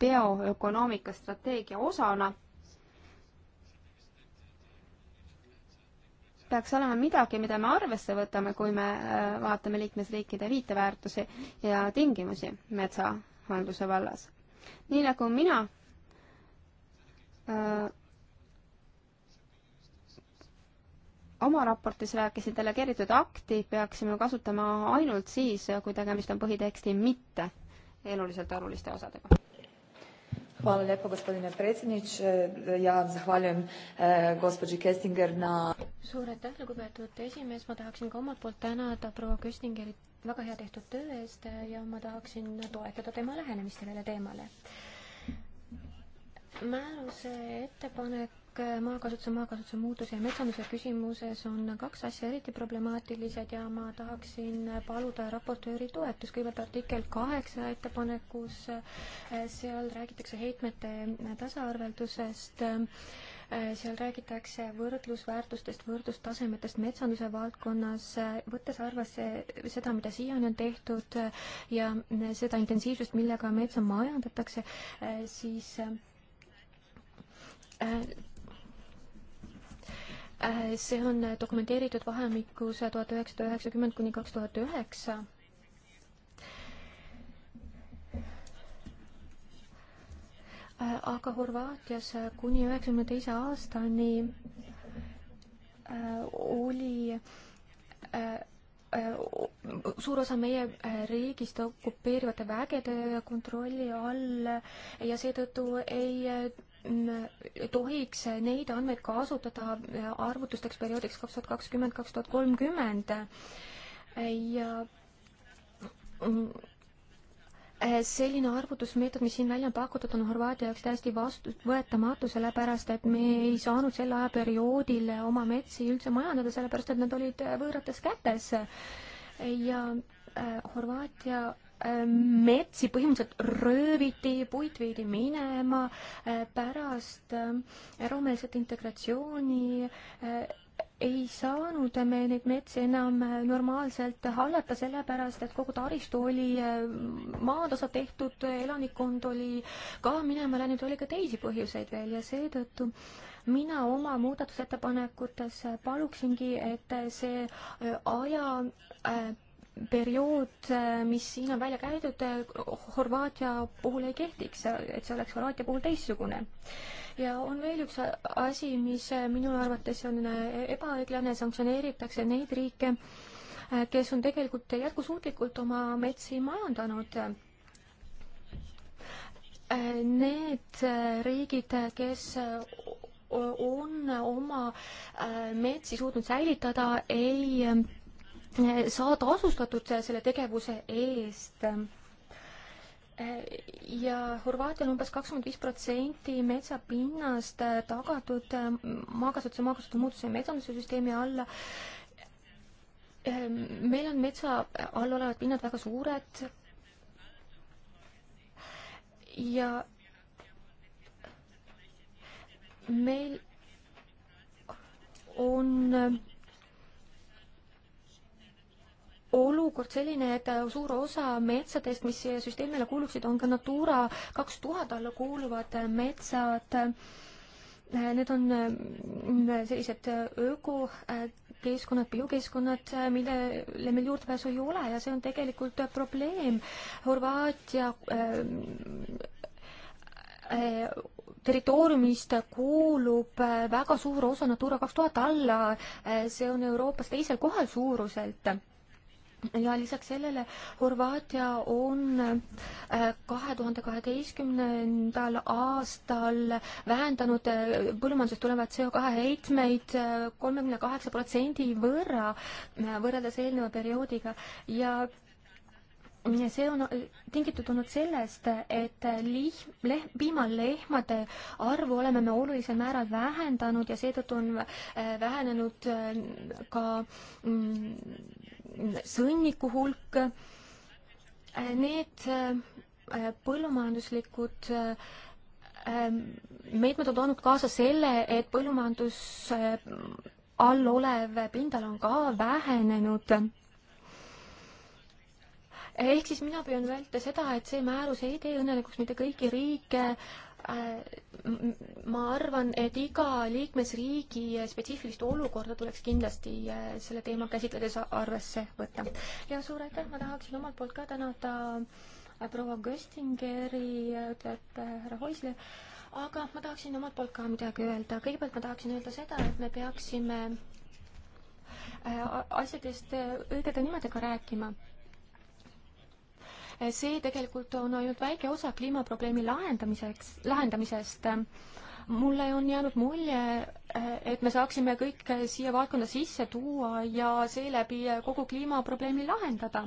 bioökonoomika strateegia osana peaks olema midagi, mida me arvesse võtame, kui me äh, vaatame liikmesriikide viiteväärtusi ja tingimusi metsahalduse vallas. nii nagu mina öö, äh, oma raportis rääkisin, delegeeritud akti peaksime kasutama ainult siis, kui tegemist on põhiteksti mitte eluliselt oluliste osadega.
Hvala lijepo gospodine predsjedniče. Ja zahvaljujem
eh, gospođi Kestinger na...
suur aitäh, lugupeetud esimees, ma tahaksin ka omalt poolt tänada proua Köstingerit väga hea tehtud töö eest ja ma tahaksin toetada tema lähenemist sellele teemale. määruse ettepanek maakasutuse, maakasutuse muutuse ja metsanduse küsimuses on kaks asja eriti problemaatilised ja ma tahaksin paluda raportööri toetust. kõigepealt artikkel kaheksa ettepanekus, eh, seal räägitakse heitmete tasaarveldusest, eh, seal räägitakse võrdlusväärtustest, võrdlustasemetest metsanduse valdkonnas, eh, võttes arvesse seda, mida siiani on tehtud ja seda intensiivsust, millega metsa majandatakse, siis Äh, see on dokumenteeritud vahemikus tuhat üheksasada üheksakümmend kuni kaks tuhat üheksa. Äh, aga Horvaatias kuni üheksakümne teise aastani äh, oli suur osa meie riigist okupeerivate vägede kontrolli all ja seetõttu ei tohiks neid andmeid kasutada arvutusteks perioodiks kaks tuhat kakskümmend, kaks tuhat kolmkümmend ja mm, selline arvutusmeetod, mis siin välja on pakutud, on Horvaatia jaoks täiesti vastuvõetamatu, sellepärast et me ei saanud sel ajaperioodil oma metsi üldse majandada, sellepärast et nad olid võõrates kätes ja äh, Horvaatia metsi põhimõtteliselt rööviti, puit viidi minema pärast rahumeelset integratsiooni ei saanud me neid metsi enam normaalselt hallata, sellepärast et kogu taristu oli maatasa tehtud, elanikkond oli ka minema läinud, oli ka teisi põhjuseid veel ja seetõttu mina oma muudatusettepanekutes paluksingi, et see aja periood, äh, mis siin on välja käidud, äh, Horvaatia puhul ei kehtiks, et see oleks Horvaatia puhul teistsugune. ja on veel üks asi, mis äh, minu arvates on ebaõiglane, sanktsioneeritakse neid riike, kes on tegelikult jätkusuutlikult oma metsi majandanud Need riigid, kes on oma metsi suutnud säilitada, ei saada asustatud selle tegevuse eest ja Horvaatial on umbes kakskümmend viis protsenti metsapinnast tagatud maakasutuse, maakasutuse muutuse ja metsanduse süsteemi alla. meil on metsa all olevad pinnad väga suured. ja meil on olukord selline, et suur osa metsadest, mis süsteemile kuuluksid, on ka Natura kaks tuhat alla kuuluvad metsad. Need on mm, sellised ökokeskkonnad, biokeskkonnad, millele meil juurdepääsu ei ole ja see on tegelikult probleem. Horvaatia äh, territooriumist kuulub äh, väga suur osa Natura kaks tuhat alla, äh, see on Euroopas teisel kohal suuruselt ja lisaks sellele Horvaatia on äh, kahe tuhande kaheteistkümnendal aastal vähendanud äh, põllumajandusest tulevat CO2 heitmeid äh, kolmekümne kaheksa protsendi võrra võrreldes eelneva perioodiga ja see on äh, tingitud olnud sellest, et lihm, lehm, piimalehmade arvu oleme me olulisel määral vähendanud ja seetõttu on äh, vähenenud äh, ka mm, sõnniku hulk. Need põllumajanduslikud ähm, meetmed on toonud kaasa selle, et põllumajandus all olev pindala on ka vähenenud ehk siis mina püüan vältida seda, et see määrus ei tee õnnelikuks mitte kõiki riike. Äh, ma arvan, et iga liikmesriigi spetsiifilist olukorda tuleks kindlasti äh, selle teema käsitledes arvesse võtta. ja suur aitäh, ma tahaksin omalt poolt ka tänada äh, proua Köstingeri, ütleb härra Hoisler, aga ma tahaksin omalt poolt ka midagi öelda. kõigepealt ma tahaksin öelda seda, et me peaksime asjadest õigete nimedega rääkima see tegelikult on ainult väike osa kliimaprobleemi lahendamiseks, lahendamisest mulle on jäänud mulje, et me saaksime kõik siia valdkonda sisse tuua ja seeläbi kogu kliimaprobleemi lahendada.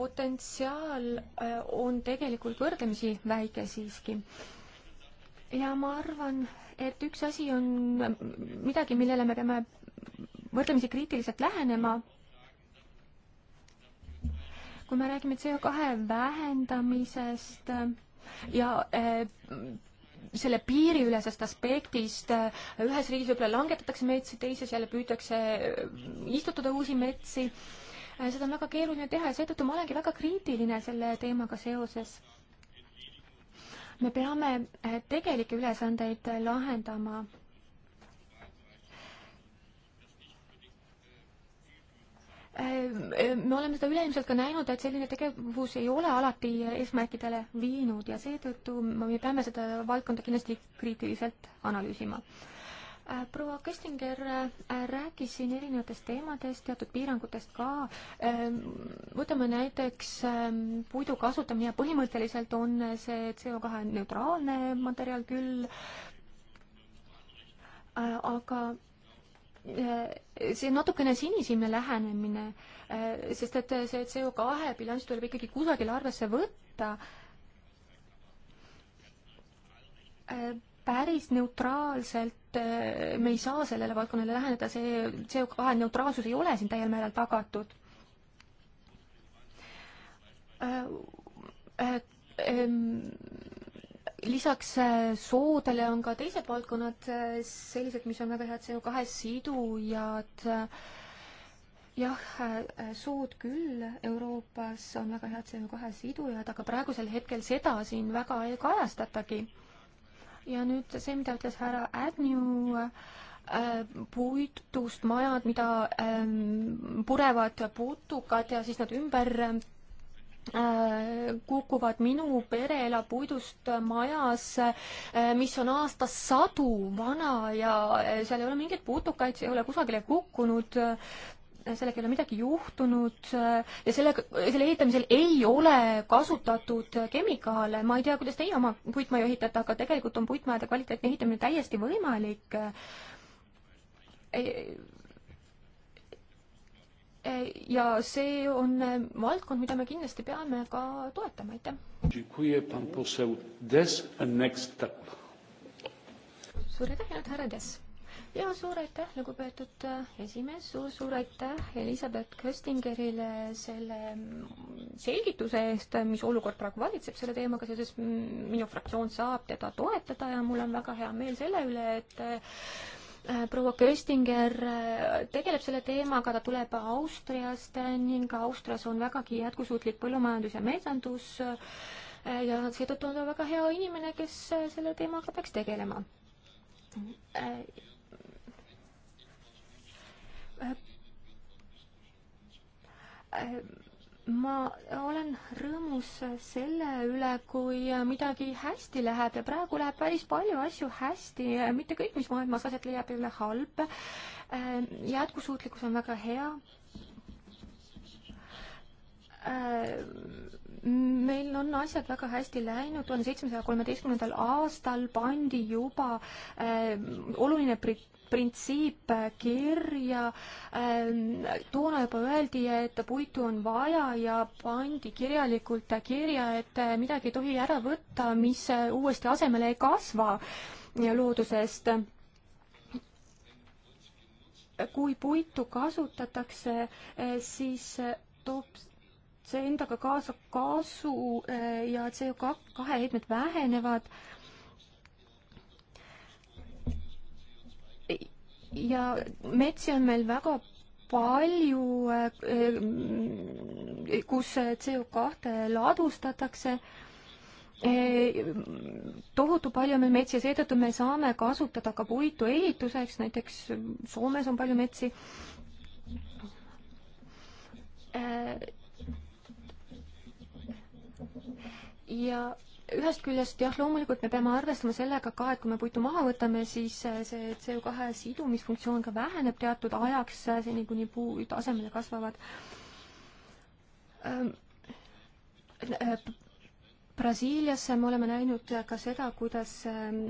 potentsiaal äh, on tegelikult võrdlemisi väike siiski. ja ma arvan, et üks asi on midagi, millele me peame võrdlemisi kriitiliselt lähenema. kui me räägime CO2 vähendamisest ja eh, selle piiriülesest aspektist, eh, ühes riigis võib-olla langetatakse metsi, teises jälle püütakse eh, istutada uusi metsi. seda on väga keeruline teha ja seetõttu ma olengi väga kriitiline selle teemaga seoses me peame eh, tegelikke ülesandeid eh, lahendama eh, me oleme seda üleilmselt ka näinud, et selline tegevus ei ole alati eesmärkidele viinud ja seetõttu me peame seda valdkonda kindlasti kriitiliselt analüüsima. Äh, proua Köstinger äh, rääkis siin erinevatest teemadest, teatud piirangutest ka. Ähm, võtame näiteks ähm, puidu kasutamine, põhimõtteliselt on see CO2 neutraalne materjal küll, äh, aga see natukene sinisilmne lähenemine, sest et see CO2 bilanss tuleb ikkagi kusagil arvesse võtta päris neutraalselt et eh, me ei saa sellele valdkonnale läheneda, see CO2 neutraalsus ei ole siin täiel määral tagatud äh,. Äh, lisaks äh, soodele on ka teised valdkonnad äh, sellised, mis on väga head CO2 sidujad. jah, äh, sood küll Euroopas on väga head CO2 sidujad, aga praegusel hetkel seda siin väga ei kajastatagi ka ja nüüd see, mida ütles härra Agnew äh, puidust majad, mida ähm, purevad putukad ja siis nad ümber äh, kukuvad, minu pere elab puidust majas, äh, mis on aastasadu vana ja seal ei ole mingeid putukaid, see ei ole kusagile kukkunud sellega ei ole midagi juhtunud ja sellega, selle ehitamisel ei ole kasutatud kemikaale, ma ei tea, kuidas teie oma puitmaju ehitate, aga tegelikult on puitmajade kvaliteetne ehitamine täiesti võimalik. ja see on valdkond, mida me kindlasti peame ka toetama, aitäh. suur aitäh, härra Dess ja suur aitäh, lugupeetud äh, esimees suur,, suur-suur aitäh Elizabeth Köstingerile selle mm, selgituse eest, mis olukord praegu valitseb selle teemaga seoses. minu fraktsioon saab teda toetada ja mul on väga hea meel selle üle, et äh, proua Köstinger äh, tegeleb selle teemaga, ta tuleb Austriast ning Austrias on vägagi jätkusuutlik põllumajandus ja metsandus ja seetõttu on ta väga hea inimene, kes selle teemaga peaks tegelema Äh, äh, ma olen rõõmus selle üle, kui midagi hästi läheb ja praegu läheb päris palju asju hästi, mitte kõik, mis maailmas aset leiab, ei ole halb. Äh, jätkusuutlikkus on väga hea meil on asjad väga hästi läinud, tuhande seitsmesaja kolmeteistkümnendal aastal pandi juba äh, oluline prit-, printsiip äh, kirja ähm,. toona juba öeldi, et puitu on vaja ja pandi kirjalikult kirja, et äh, midagi ei tohi ära võtta, mis äh, uuesti asemele ei kasva loodusest. kui puitu kasutatakse, siis toob see endaga kaasa kasu eh, ja CO2 kahe heitmed vähenevad. ja metsi on meil väga palju, eh, eh, kus CO2 ladustatakse tohutu palju on meil metsi ja seetõttu me saame kasutada ka puitu ehituseks, näiteks Soomes on palju metsi. ja ühest küljest jah, loomulikult me peame arvestama sellega ka, et kui me puitu maha võtame, siis äh, see CO2 sidumisfunktsioon ka väheneb teatud ajaks, äh, seni kuni puud asemele kasvavad. Ähm, äh, Brasiilias me oleme näinud ka seda, kuidas ähm,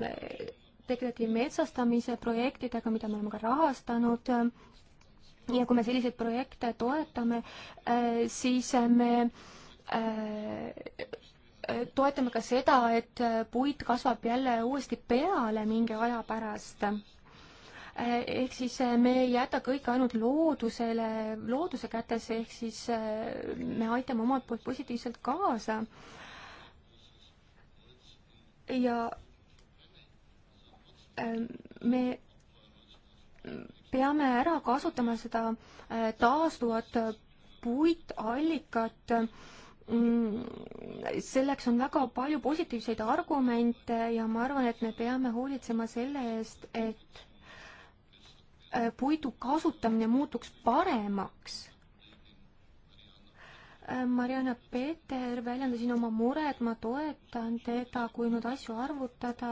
tegeleti metsastamise projektidega, mida me oleme ka rahastanud ähm, ja kui me selliseid projekte toetame, siis me toetame ka seda, et puit kasvab jälle uuesti peale mingi aja pärast. ehk siis me ei jäta kõike ainult loodusele, looduse kätes, ehk siis eh, me aitame omalt poolt positiivselt kaasa. ja eh, me peame ära kasutama seda eh, taastuvat puitallikat äh, Mm, selleks on väga palju positiivseid argumente ja ma arvan, et me peame hoolitsema selle eest, et äh, puidu kasutamine muutuks paremaks Äh, Mariana Peeter, väljendasin oma muret, ma toetan teda, kui nüüd asju arvutada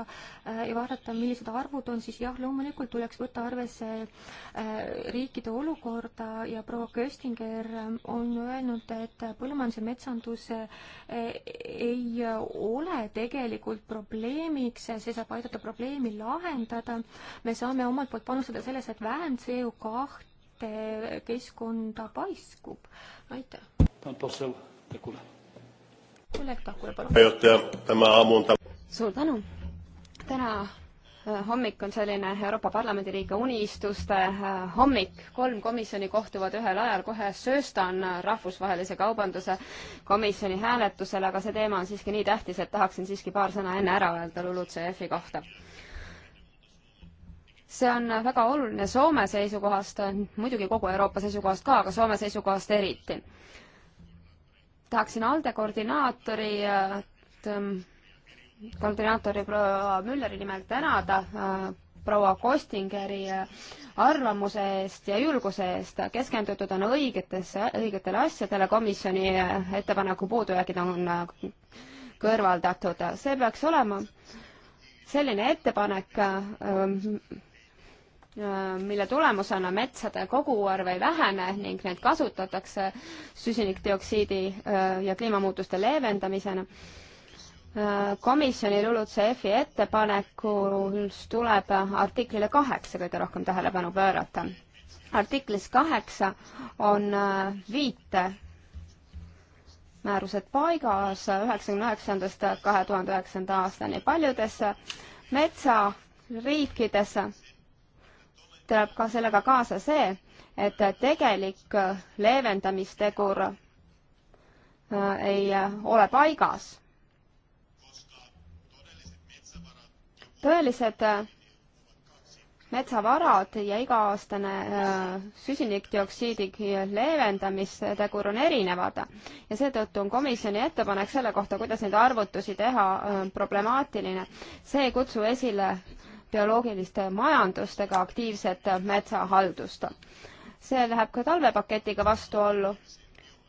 äh, ja vaadata, millised arvud on, siis jah, loomulikult tuleks võtta arvesse äh, riikide olukorda ja proua Köstinger ähm, on öelnud, et põllumajanduse metsandus ei ole tegelikult probleemiks, see saab aidata probleemi lahendada. me saame omalt poolt panustada sellesse, et vähem CO2 keskkonda paiskub. aitäh!
kolleeg Takula,
palun.
suur tänu. täna äh, hommik on selline Euroopa Parlamendi liige unistuste äh, hommik. kolm komisjoni kohtuvad ühel ajal, kohe sööstan äh, rahvusvahelise kaubanduse komisjoni hääletusel, aga see teema on siiski nii tähtis, et tahaksin siiski paar sõna enne ära öelda LULUCF-i kohta. see on väga oluline Soome seisukohast, muidugi kogu Euroopa seisukohast ka, aga Soome seisukohast eriti tahaksin ALDE koordinaatori, ähm, koordinaatori proua Mülleri nimel tänada äh, proua Kostingeri äh, arvamuse eest ja julguse eest. keskendutud on õigetesse, õigetele asjadele, komisjoni äh, ettepaneku puudujäägid on kõrvaldatud. see peaks olema selline ettepanek, mille tulemusena metsade koguarv ei vähene ning neid kasutatakse süsinikdioksiidi äh, ja kliimamuutuste leevendamisena. Äh, komisjoni LULUCF-i ettepanekus tuleb artiklile kaheksa kõige rohkem tähelepanu pöörata. artiklis kaheksa on äh, viite määrused paigas üheksakümne üheksandast kahe tuhande üheksanda aastani paljudes metsariikides tuleb ka sellega kaasa see, et tegelik leevendamistegur äh, ei äh, ole paigas. tõelised äh, metsavarad ja iga-aastane süsinikdioksiidi leevendamistegur on erinevad ja seetõttu on komisjoni ettepanek selle kohta, kuidas neid arvutusi teha, problemaatiline. see ei kutsu esile bioloogiliste majandustega aktiivset metsahaldust. see läheb ka talvepaketiga vastuollu.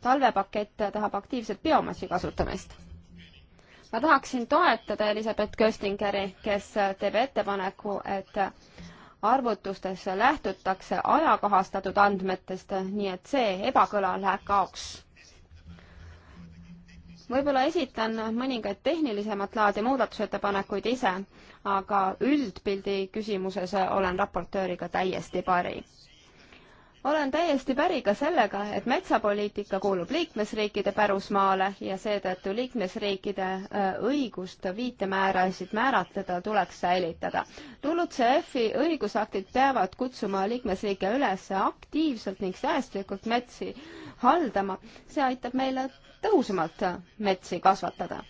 talvepakett tahab aktiivset biomassi kasutamist. ma tahaksin toetada Elizabeth Köstingeri, kes teeb ettepaneku, et arvutustes lähtutakse ajakohastatud andmetest, nii et see ebakõla läheb kaoks võib-olla esitan mõningaid tehnilisemat laadi muudatusettepanekuid ise, aga üldpildi küsimuses olen raportööriga täiesti pari. olen täiesti päri ka sellega, et metsapoliitika kuulub liikmesriikide pärusmaale ja seetõttu liikmesriikide äh, õigust viitemäärasid määratleda tuleks säilitada. LULUCF-i õigusaktid peavad kutsuma liikmesriike üles aktiivselt ning säästlikult metsi haldama, see aitab meile tõhusamalt metsi kasvatada.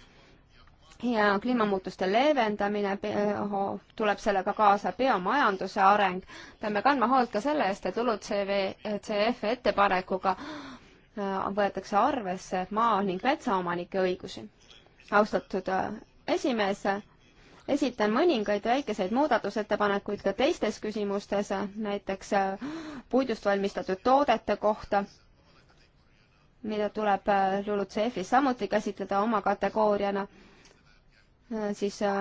ja kliimamuutuste leevendamine eh, tuleb sellega kaasa biomajanduse areng. peame kandma hoolt ka selle eest, et LULUCF et ettepanekuga eh, võetakse arvesse maa- ning metsaomanike õigusi. austatud eh, esimees, esitan mõningaid väikeseid muudatusettepanekuid ka teistes küsimustes, näiteks puidust valmistatud toodete kohta mida tuleb äh, LULUCF-is samuti käsitleda oma kategooriana, äh, siis äh,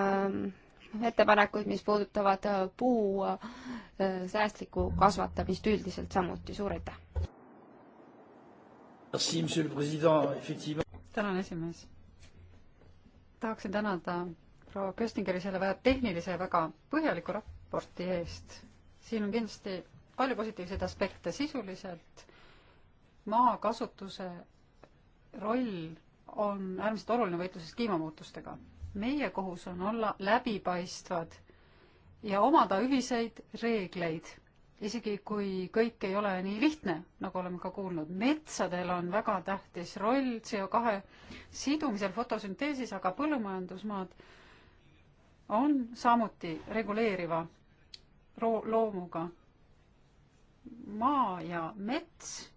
ettepanekuid, mis puudutavad puu säästlikku kasvatamist üldiselt samuti, suur aitäh!
tänan, esimees! tahaksin tänada proua Köstingeri selle väga tehnilise ja väga põhjaliku raporti eest. siin on kindlasti palju positiivseid aspekte sisuliselt maakasutuse roll on äärmiselt oluline võitluses kliimamuutustega. meie kohus on olla läbipaistvad ja omada ühiseid reegleid, isegi kui kõik ei ole nii lihtne, nagu oleme ka kuulnud. metsadel on väga tähtis roll CO2 sidumisel fotosünteesis, aga põllumajandusmaad on samuti reguleeriva loomuga. maa ja mets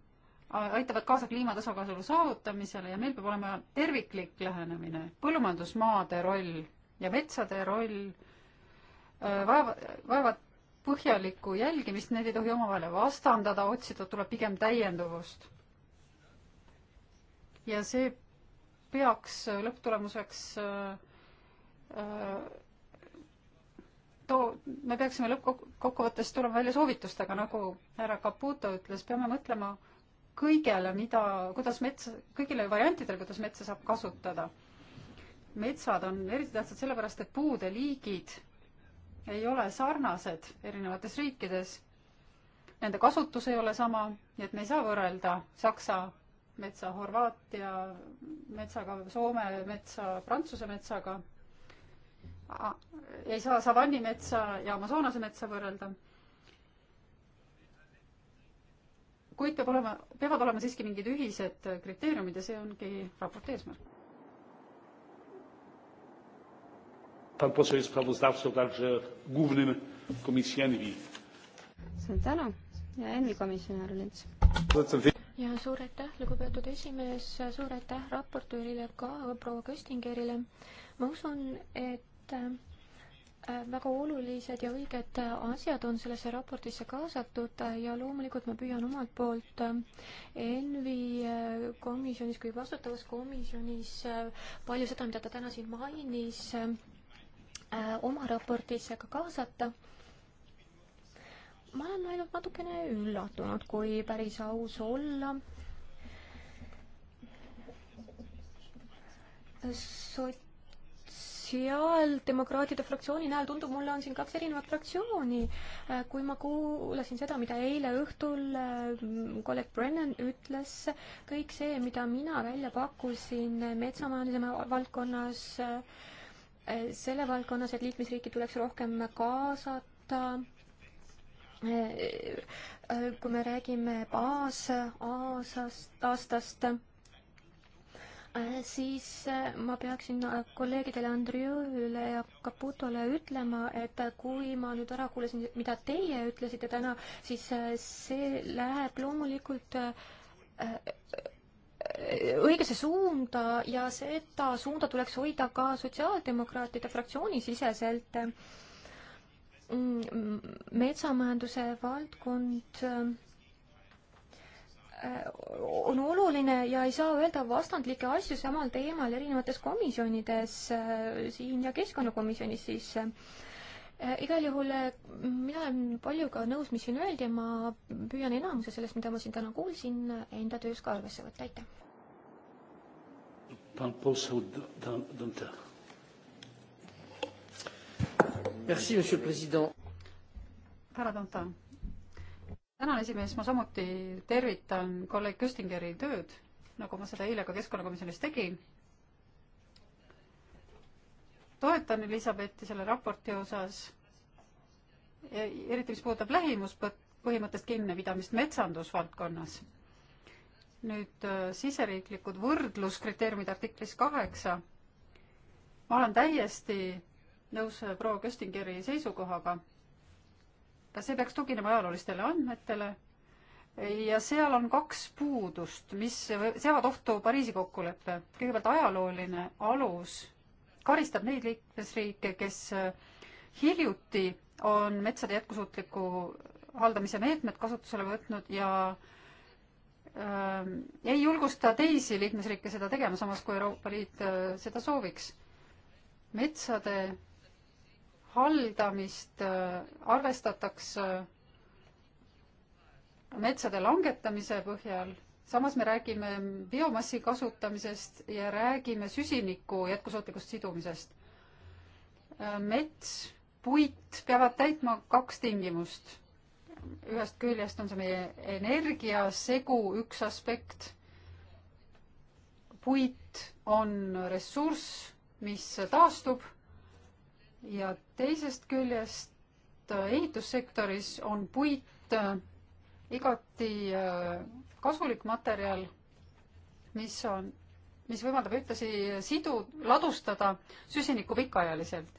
aitavad kaasa kliima tasakaalu saavutamisele ja meil peab olema terviklik lähenemine. põllumajandusmaade roll ja metsade roll äh, vaeva, vaevad põhjalikku jälgimist, need ei tohi omavahel vastandada, otsida tuleb pigem täienduvust. ja see peaks lõpptulemuseks äh, äh, too, me peaksime lõppkokkuvõttes tulema välja soovitustega, nagu härra Caputo ütles, peame mõtlema äh, kõigele, mida, kuidas mets, kõigile variantidele, kuidas metsa saab kasutada. metsad on eriti tähtsad sellepärast, et puude liigid ei ole sarnased erinevates riikides. Nende kasutus ei ole sama, nii et me ei saa võrrelda Saksa metsa Horvaatia metsaga, Soome metsa Prantsuse metsaga. ei saa savannimetsa ja Amazonase metsa võrrelda kuid peab olema, peavad olema siiski mingid ühised kriteeriumid ja see ongi raporti eesmärk.
Pan poseł jest sprawozdawcą także głównym komisji ENVI.
Suur tänu ja ENVI komisjonär Lents. ja suur aitäh, lugupeetud esimees, suur aitäh raportöörile ka
proua Köstingerile. ma usun, et väga olulised ja õiged asjad on sellesse raportisse kaasatud ja loomulikult ma püüan omalt poolt äh, ENVI äh, komisjonis kui vastutavas komisjonis äh, palju seda, mida ta täna siin mainis, oma raportisse ka kaasata. ma olen ainult natukene üllatunud, kui päris aus olla Sot sotsiaaldemokraatide fraktsiooni näol tundub mulle, on siin kaks erinevat fraktsiooni. Äh, kui ma kuulasin seda, mida eile õhtul äh, kolleeg Brennan ütles, kõik see, mida mina välja pakkusin metsamajanduse valdkonnas, äh, selle valdkonnas, et liikmesriiki tuleks rohkem kaasata, kui me räägime baas-aastast, aastast Äh, siis äh, ma peaksin äh, kolleegidele Andreule ja Caputole ütlema, et kui ma nüüd ära kuulasin, mida teie ütlesite täna, siis see läheb loomulikult õigesse suunda ja seda suunda tuleks hoida ka sotsiaaldemokraatide fraktsiooni siseselt. Mm, metsamajanduse valdkond Äh, on oluline ja ei saa öelda vastandlikke asju samal teemal erinevates komisjonides, äh, siin ja keskkonnakomisjonis siis. Äh, igal juhul mina olen paljuga nõus, mis siin öeldi ja ma püüan enamuse sellest, mida ma siin täna kuulsin, enda töös ka arvesse võtta, aitäh.
Merci, monsieur le président.
härra Dantin tänan, esimees, ma samuti tervitan kolleeg Köstingeri tööd, nagu ma seda eile ka Keskkonnakomisjonis tegin. toetan Elizabethi selle raporti osas, e-, eriti mis puudutab lähimuspõhimõttest kinnipidamist metsandusvaldkonnas. nüüd äh, siseriiklikud võrdluskriteeriumid artiklis kaheksa. ma olen täiesti nõus äh, proua Köstingeri seisukohaga ka see peaks tuginema ajaloolistele andmetele ja seal on kaks puudust, mis seavad ohtu Pariisi kokkuleppe. kõigepealt ajalooline alus karistab neid liikmesriike, kes hiljuti on metsade jätkusuutliku haldamise meetmed kasutusele võtnud ja äh, ei julgusta teisi liikmesriike seda tegema, samas kui Euroopa Liit äh, seda sooviks. metsade haldamist äh, arvestataks äh, metsade langetamise põhjal, samas me räägime biomassi kasutamisest ja räägime süsiniku jätkusuutlikust sidumisest. Äh, mets, puit peavad täitma kaks tingimust. ühest küljest on see meie energiasegu üks aspekt. puit on ressurss, mis taastub ja teisest küljest äh, ehitussektoris on puit äh, igati äh, kasulik materjal, mis on, mis võimaldab ühtlasi sidu, ladustada süsinikku pikaajaliselt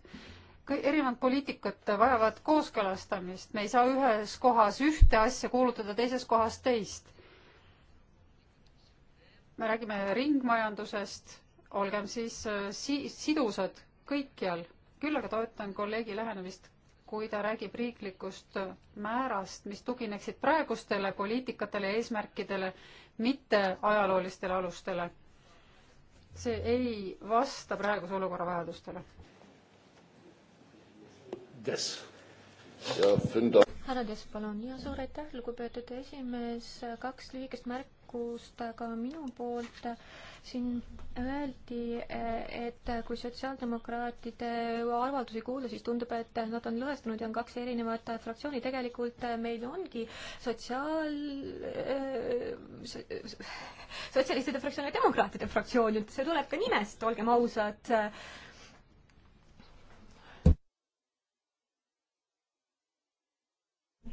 erinevad poliitikad vajavad kooskõlastamist, me ei saa ühes kohas ühte asja kuulutada, teises kohas teist. me räägime ringmajandusest, olgem siis si-, sidusad kõikjal küll aga toetan kolleegi lähenemist, kui ta räägib riiklikust määrast, mis tugineksid praegustele poliitikatele ja eesmärkidele, mitte ajaloolistele alustele. see ei vasta praeguse olukorra vajadustele. Des. härra Des, palun. ja suur aitäh,
lugupeetud esimees. kaks lühikest märki märkust ka minu poolt. siin öeldi, et kui sotsiaaldemokraatide avaldusi kuulda, siis tundub, et nad on lõhestunud ja on kaks erinevat fraktsiooni. tegelikult meil ongi sotsiaal sotsialistide fraktsioon ja demokraatide fraktsioon, see tuleb ka nimest, olgem ausad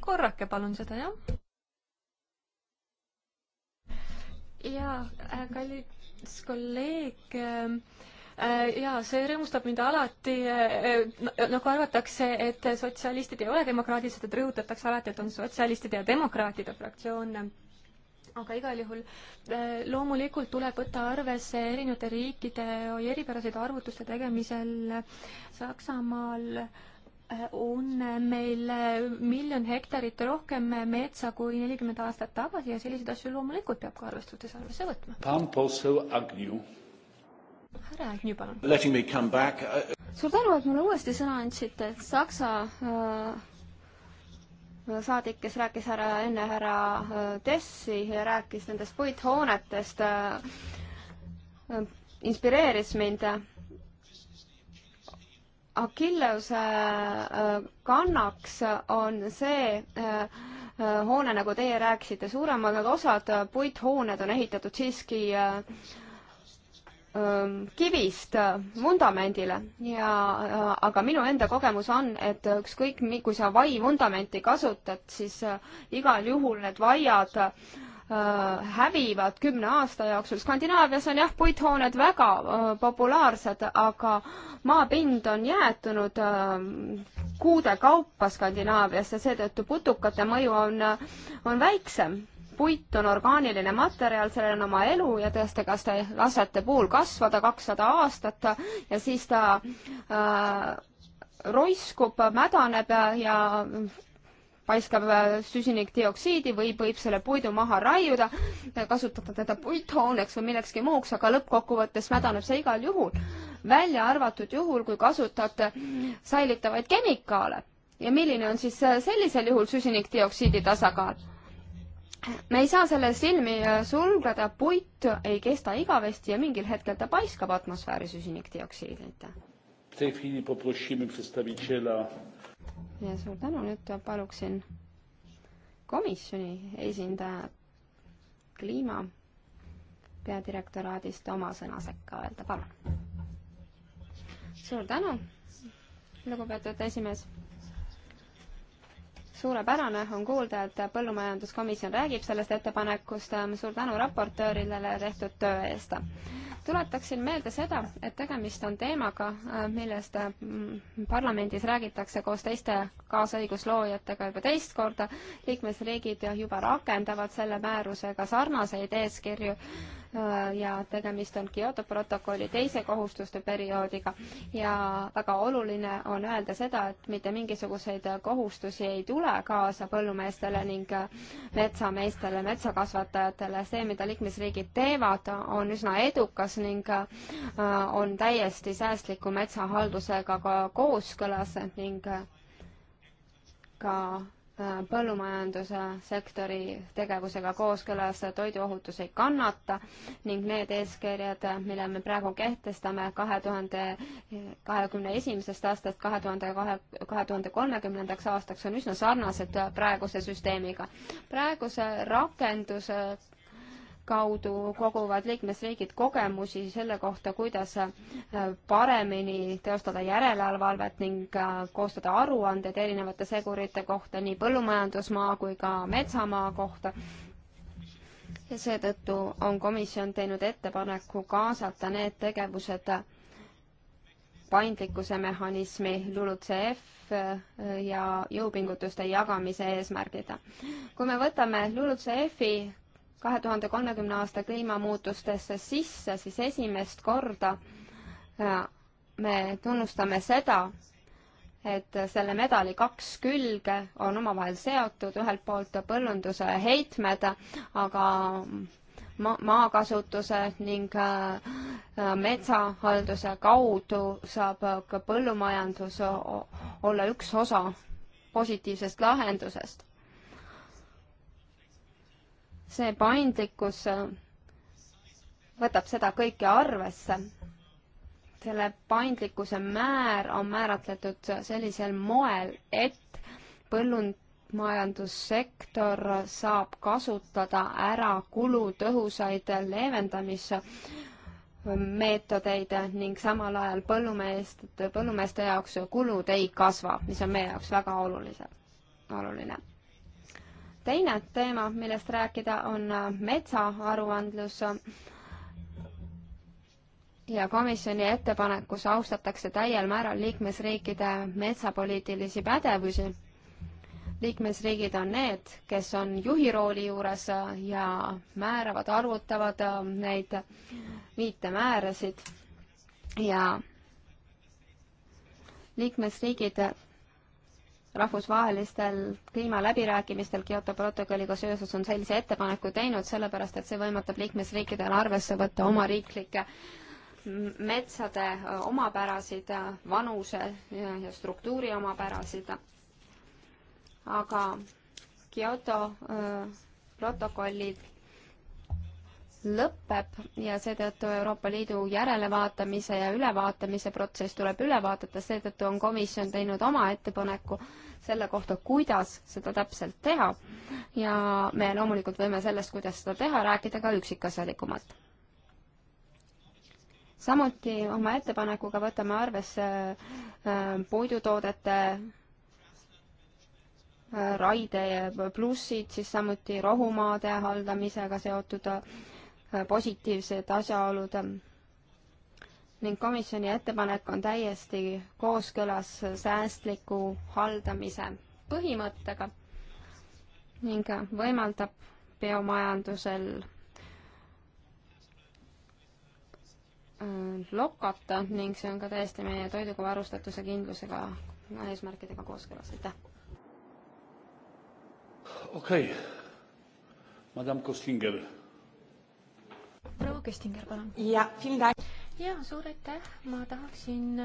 korrake palun seda, jah. jaa, äh, kallis kolleeg äh, äh, ja see rõõmustab mind alati, nagu arvatakse, et sotsialistid ei ole demokraadid, seda rõhutatakse alati, et on sotsialistide ja demokraatide fraktsioon. aga igal juhul loomulikult tuleb võtta arvesse erinevate riikide eripäraseid arvutuste tegemisel Saksamaal äh, on meil äh, miljon hektarit rohkem metsa kui nelikümmend aastat tagasi ja selliseid asju loomulikult peab ka arvestustes arvesse võtma.
härra
Agnew, palun. suur tänu, et mulle uuesti sõna andsite, et Saksa äh, saadik, kes rääkis härra, enne härra äh, Tessi ja rääkis nendest puithoonetest äh,, äh inspireeris mind äh, Achilleuse äh, kannaks on see äh, äh, hoone, nagu teie rääkisite, suuremad osad puithooned on ehitatud siiski ähm, kivist vundamendile ja aga minu enda kogemus on, et ükskõik, kui sa vai vundamenti kasutad, siis igal juhul need vaiad äh, Äh, hävivad kümne aasta jooksul. Skandinaavias on jah, puithooned väga äh, populaarsed, aga maapind on jäätunud äh, kuude kaupa Skandinaaviasse, seetõttu putukate mõju on, on väiksem. puit on orgaaniline materjal, sellel on oma elu ja tõesti, kas te lasete puul kasvada kakssada aastat ja siis ta äh, roiskub, mädaneb ja, ja paiskab äh, süsinikdioksiidi või võib selle puidu maha raiuda, kasutada teda puithooneks või millekski muuks, aga lõppkokkuvõttes mädaneb see igal juhul. välja arvatud juhul, kui kasutate säilitavaid kemikaale. ja milline on siis äh, sellisel juhul süsinikdioksiidi tasakaal? me ei saa selle silmi äh, sulgeda, puit ei kesta igavesti ja mingil hetkel ta paiskab atmosfääri süsinikdioksiidi.
W tej chwili poprosimy przedstawiciela
ja suur tänu, nüüd paluksin komisjoni esindaja kliima peadirektoraadist oma sõna sekka öelda, palun. suur tänu, lugupeetud esimees. suurepärane on kuulda, et Põllumajanduskomisjon räägib sellest ettepanekust, suur tänu raportööridele tehtud töö eest tuletaksin meelde seda, et tegemist on teemaga, äh, millest äh, parlamendis räägitakse koos teiste kaasõigusloojatega juba teist korda. liikmesriigid juba rakendavad selle määrusega sarnaseid eeskirju ja tegemist on Kyoto protokolli teise kohustuste perioodiga ja väga oluline on öelda seda, et mitte mingisuguseid kohustusi ei tule kaasa põllumeestele ning metsameestele, metsakasvatajatele. see, mida liikmesriigid teevad, on üsna edukas ning äh, on täiesti säästliku metsahaldusega ka kooskõlas ning äh, ka põllumajandussektori tegevusega kooskõlas toiduohutus ei kannata ning need eeskirjad, mille me praegu kehtestame kahe tuhande kahekümne esimesest aastast kahe tuhande kahe, kahe tuhande kolmekümnendaks aastaks, on üsna sarnased praeguse süsteemiga. praeguse rakenduse kaudu koguvad liikmesriigid kogemusi selle kohta, kuidas äh, paremini teostada järelevalvet ning äh, koostada aruanded erinevate segurite kohta nii põllumajandusmaa kui ka metsamaa kohta. ja seetõttu on komisjon teinud ettepaneku kaasata need tegevused äh, paindlikkuse mehhanismi LULUCF ja jõupingutuste jagamise eesmärgid. kui me võtame LULUCF-i kahe tuhande kolmekümne aasta kliimamuutustesse sisse, siis esimest korda äh, me tunnustame seda, et selle medali kaks külge on omavahel seotud, ühelt poolt põllunduse heitmed, aga ma-, maakasutuse ning äh, äh, metsahalduse kaudu saab ka põllumajandus olla üks osa positiivsest lahendusest see paindlikkus äh, võtab seda kõike arvesse. selle paindlikkuse määr on määratletud sellisel moel, et põllumajandussektor saab kasutada ära kulutõhusaid leevendamismeetodeid ning samal ajal põllumeest, põllumeeste jaoks kulud ei kasva, mis on meie jaoks väga olulised, oluline teine teema, millest rääkida, on äh, metsaaruandlus. ja komisjoni ettepanekus austatakse täiel määral liikmesriikide metsapoliitilisi pädevusi. liikmesriigid on need, kes on juhi rooli juures äh, ja määravad, arvutavad äh, neid viitemäärasid ja liikmesriigid rahvusvahelistel kliimaläbirääkimistel Kyoto protokolliga seoses on sellise ettepaneku teinud, sellepärast et see võimaldab liikmesriikidel arvesse võtta oma riiklikke metsade omapärasid, vanuse ja struktuuri omapärasid. aga Kyoto äh, protokollid lõpeb ja seetõttu Euroopa Liidu järelevaatamise ja ülevaatamise protsess tuleb üle vaadata, seetõttu on komisjon teinud oma ettepaneku selle kohta, kuidas seda täpselt teha. ja me loomulikult võime sellest, kuidas seda teha, rääkida ka üksikasjalikumalt. samuti oma ettepanekuga võtame arvesse äh, puidutoodete äh, raide plussid, siis samuti rohumaade haldamisega seotud äh, positiivsed asjaolud ning komisjoni ettepanek on täiesti kooskõlas säästliku haldamise põhimõttega ning võimaldab biomajandusel äh, lokata ning see on ka täiesti meie toiduga varustatuse kindlusega eesmärkidega kooskõlas, aitäh.
okei okay., madam Kostinger
proua Köstinger, palun. ja, ja suur aitäh, ma tahaksin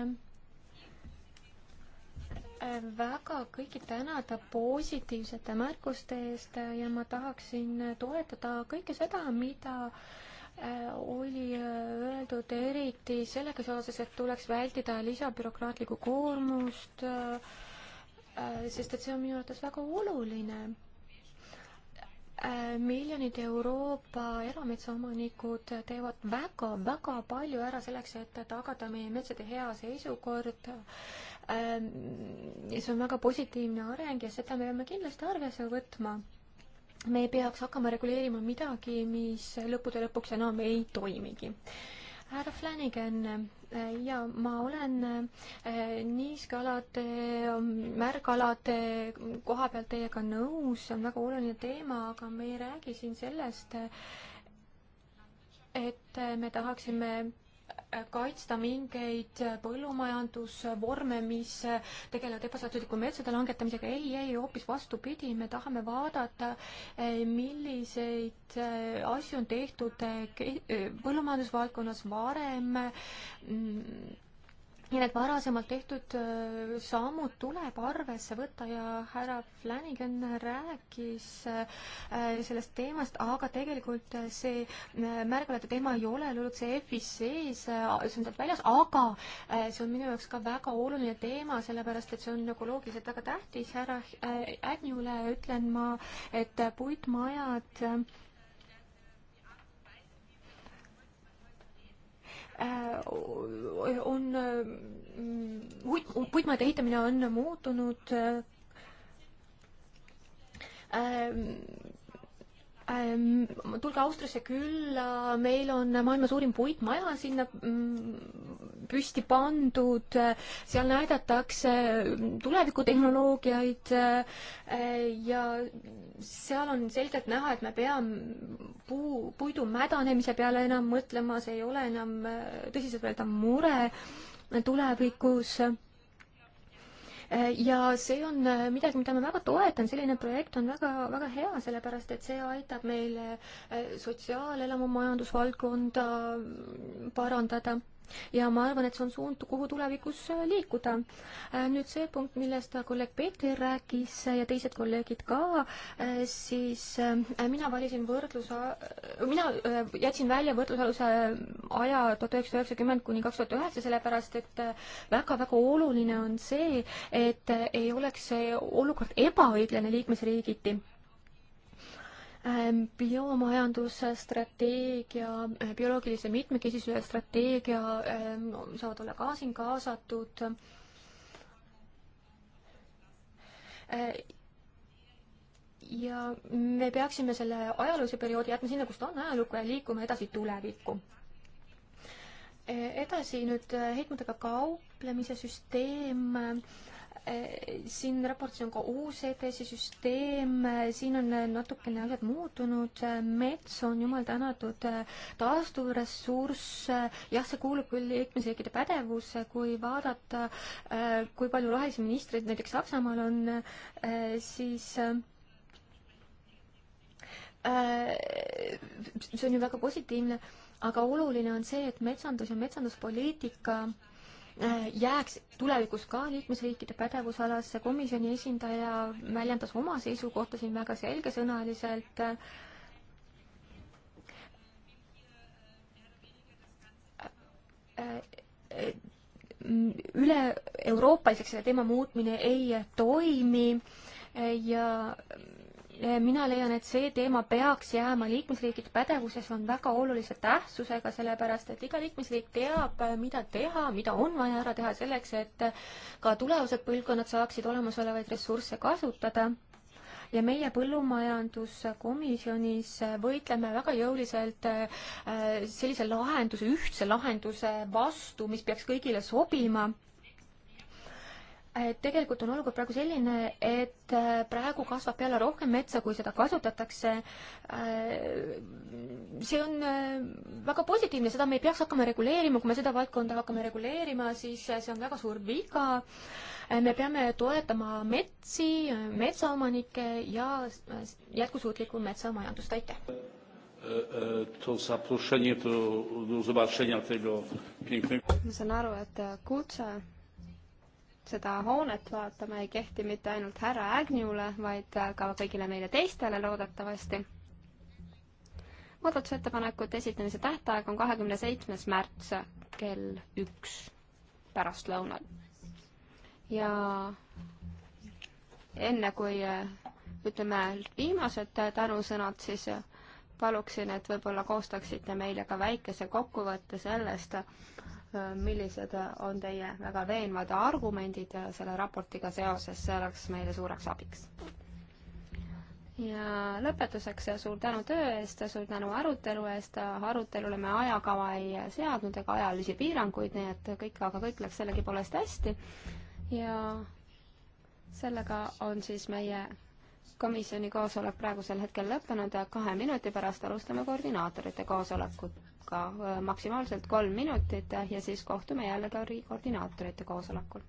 äh, väga kõiki tänada positiivsete märkuste eest ja ma tahaksin toetada kõike seda, mida äh, oli äh, öeldud eriti sellega seoses, et tuleks vältida lisabürokraatlikku koormust, sest et see on minu arvates väga oluline miljonid Euroopa erametsaomanikud teevad väga-väga palju ära selleks, et tagada meie metsade hea seisukord. Ähm, see on väga positiivne areng ja seda me peame kindlasti arvesse võtma me ei peaks hakkama reguleerima midagi, mis lõppude lõpuks enam ei toimigi härra Flanagan, äh, ja ma olen äh, niiskalade, mm, märgalade koha pealt teiega nõus, see on väga oluline teema, aga me ei räägi siin sellest, et me tahaksime kaitsta mingeid põllumajandusvorme, mis tegelevad ebaseadusliku metsade langetamisega. ei, ei, hoopis vastupidi, me tahame vaadata, milliseid äh, asju on tehtud äh, äh, põllumajandusvaldkonnas varem mm, ja need varasemalt tehtud äh, sammud tuleb arvesse võtta ja härra Flanagan rääkis äh, sellest teemast, aga tegelikult äh, see märgalate teema ei ole LULUCF-is sees, see on sealt väljas, aga see on minu jaoks ka väga oluline teema, sellepärast et see on ökoloogiliselt väga tähtis. härra Ädniule ütlen ma, et puitmajad
Äh,
on, äh, puitmajade ehitamine on muutunud äh, Ähm, tulge Austriasse külla, meil on maailma suurim puitmaja sinna mm, püsti pandud, seal näidatakse mm, tulevikutehnoloogiaid äh, ja seal on selgelt näha, et me peame puu, puidu mädanemise peale enam mõtlema, see ei ole enam äh, tõsiseltvõetav mure tulevikus ja see on äh, midagi, mida ma väga toetan, selline projekt on väga, väga hea, sellepärast et see aitab meil äh, sotsiaalelamu majandusvaldkonda parandada ja ma arvan, et see on suund, kuhu tulevikus äh, liikuda. Äh, nüüd see punkt, millest kolleeg Peeter rääkis äh, ja teised kolleegid ka, siis mina valisin võrdluse, mina jätsin välja võrdlusaluse aja tuhat üheksasada üheksakümmend kuni kaks tuhat üheksa, sellepärast et väga-väga oluline on see, et ei oleks see olukord ebaõiglane liikmesriigiti Ähm, biomajandusstrateegia, äh, bioloogilise mitmekesisuse strateegia ähm, saavad olla ka siin kaasatud. Äh, ja me peaksime selle ajaloolise perioodi jätma sinna, kus ta on ajalukku ja liikuma edasi tulevikku. Äh, edasi nüüd heitmetega kauplemise süsteem Eh, siin raportis on ka uus EPS-i süsteem, eh, siin on eh, natukene asjad muutunud, mets on jumal tänatud taasturessurss, jah, see kuulub küll liikmesriikide pädevusse, kui vaadata, kui palju rohelisi ministreid näiteks Saksamaal on, siis see on ju väga positiivne, aga oluline on see, et metsandus ja metsanduspoliitika Äh, jääks tulevikus ka liikmesriikide pädevusalasse. komisjoni esindaja väljendas oma seisukohta siin väga selgesõnaliselt. Äh, äh, üle-euroopaliseks selle teema muutmine ei toimi ja Äh, mina leian, et see teema peaks jääma liikmesriikide pädevuses, on väga olulise tähtsusega, sellepärast et iga liikmesriik teab, äh, mida teha, mida on vaja ära teha selleks, et äh, ka tulevased põlvkonnad saaksid olemasolevaid ressursse kasutada. ja meie põllumajanduskomisjonis võitleme väga jõuliselt sellise lahenduse, ühtse lahenduse vastu, mis peaks kõigile sobima tegelikult on olukord praegu selline, et äh, praegu kasvab peale rohkem metsa, kui seda kasutatakse. Äh, see on äh, väga positiivne, seda me ei peaks hakkama reguleerima, kui me seda valdkonda hakkame reguleerima, siis see on väga suur viga. me peame toetama metsi, metsaomanikke ja jätkusuutlikku metsamajandust, aitäh!
to zaproszenie do, do zobaczenia tego pięknego. Ma saan
aru, et kutse seda hoonet vaatama, ei kehti mitte ainult härra Agnew'le, vaid ka kõigile meile teistele loodetavasti. muudatusettepanekute esitamise tähtaeg on kahekümne seitsmes märts kell üks pärastlõunal. ja enne kui ütleme viimased tänusõnad, siis paluksin, et võib-olla koostaksite meile ka väikese kokkuvõtte sellest, millised on teie väga veenvad argumendid selle raportiga seoses, see oleks meile suureks abiks. ja lõpetuseks suur tänu töö eest, suur tänu arutelu eest, arutelule me ajakava ei seadnud ega ajalisi piiranguid, nii et kõik, aga kõik läks sellegipoolest hästi ja sellega on siis meie komisjoni koosolek praegusel hetkel lõppenud ja kahe minuti pärast alustame koordinaatorite koosolekut ka äh, maksimaalselt kolm minutit ja siis kohtume jälle ka koordinaatorite koosolekul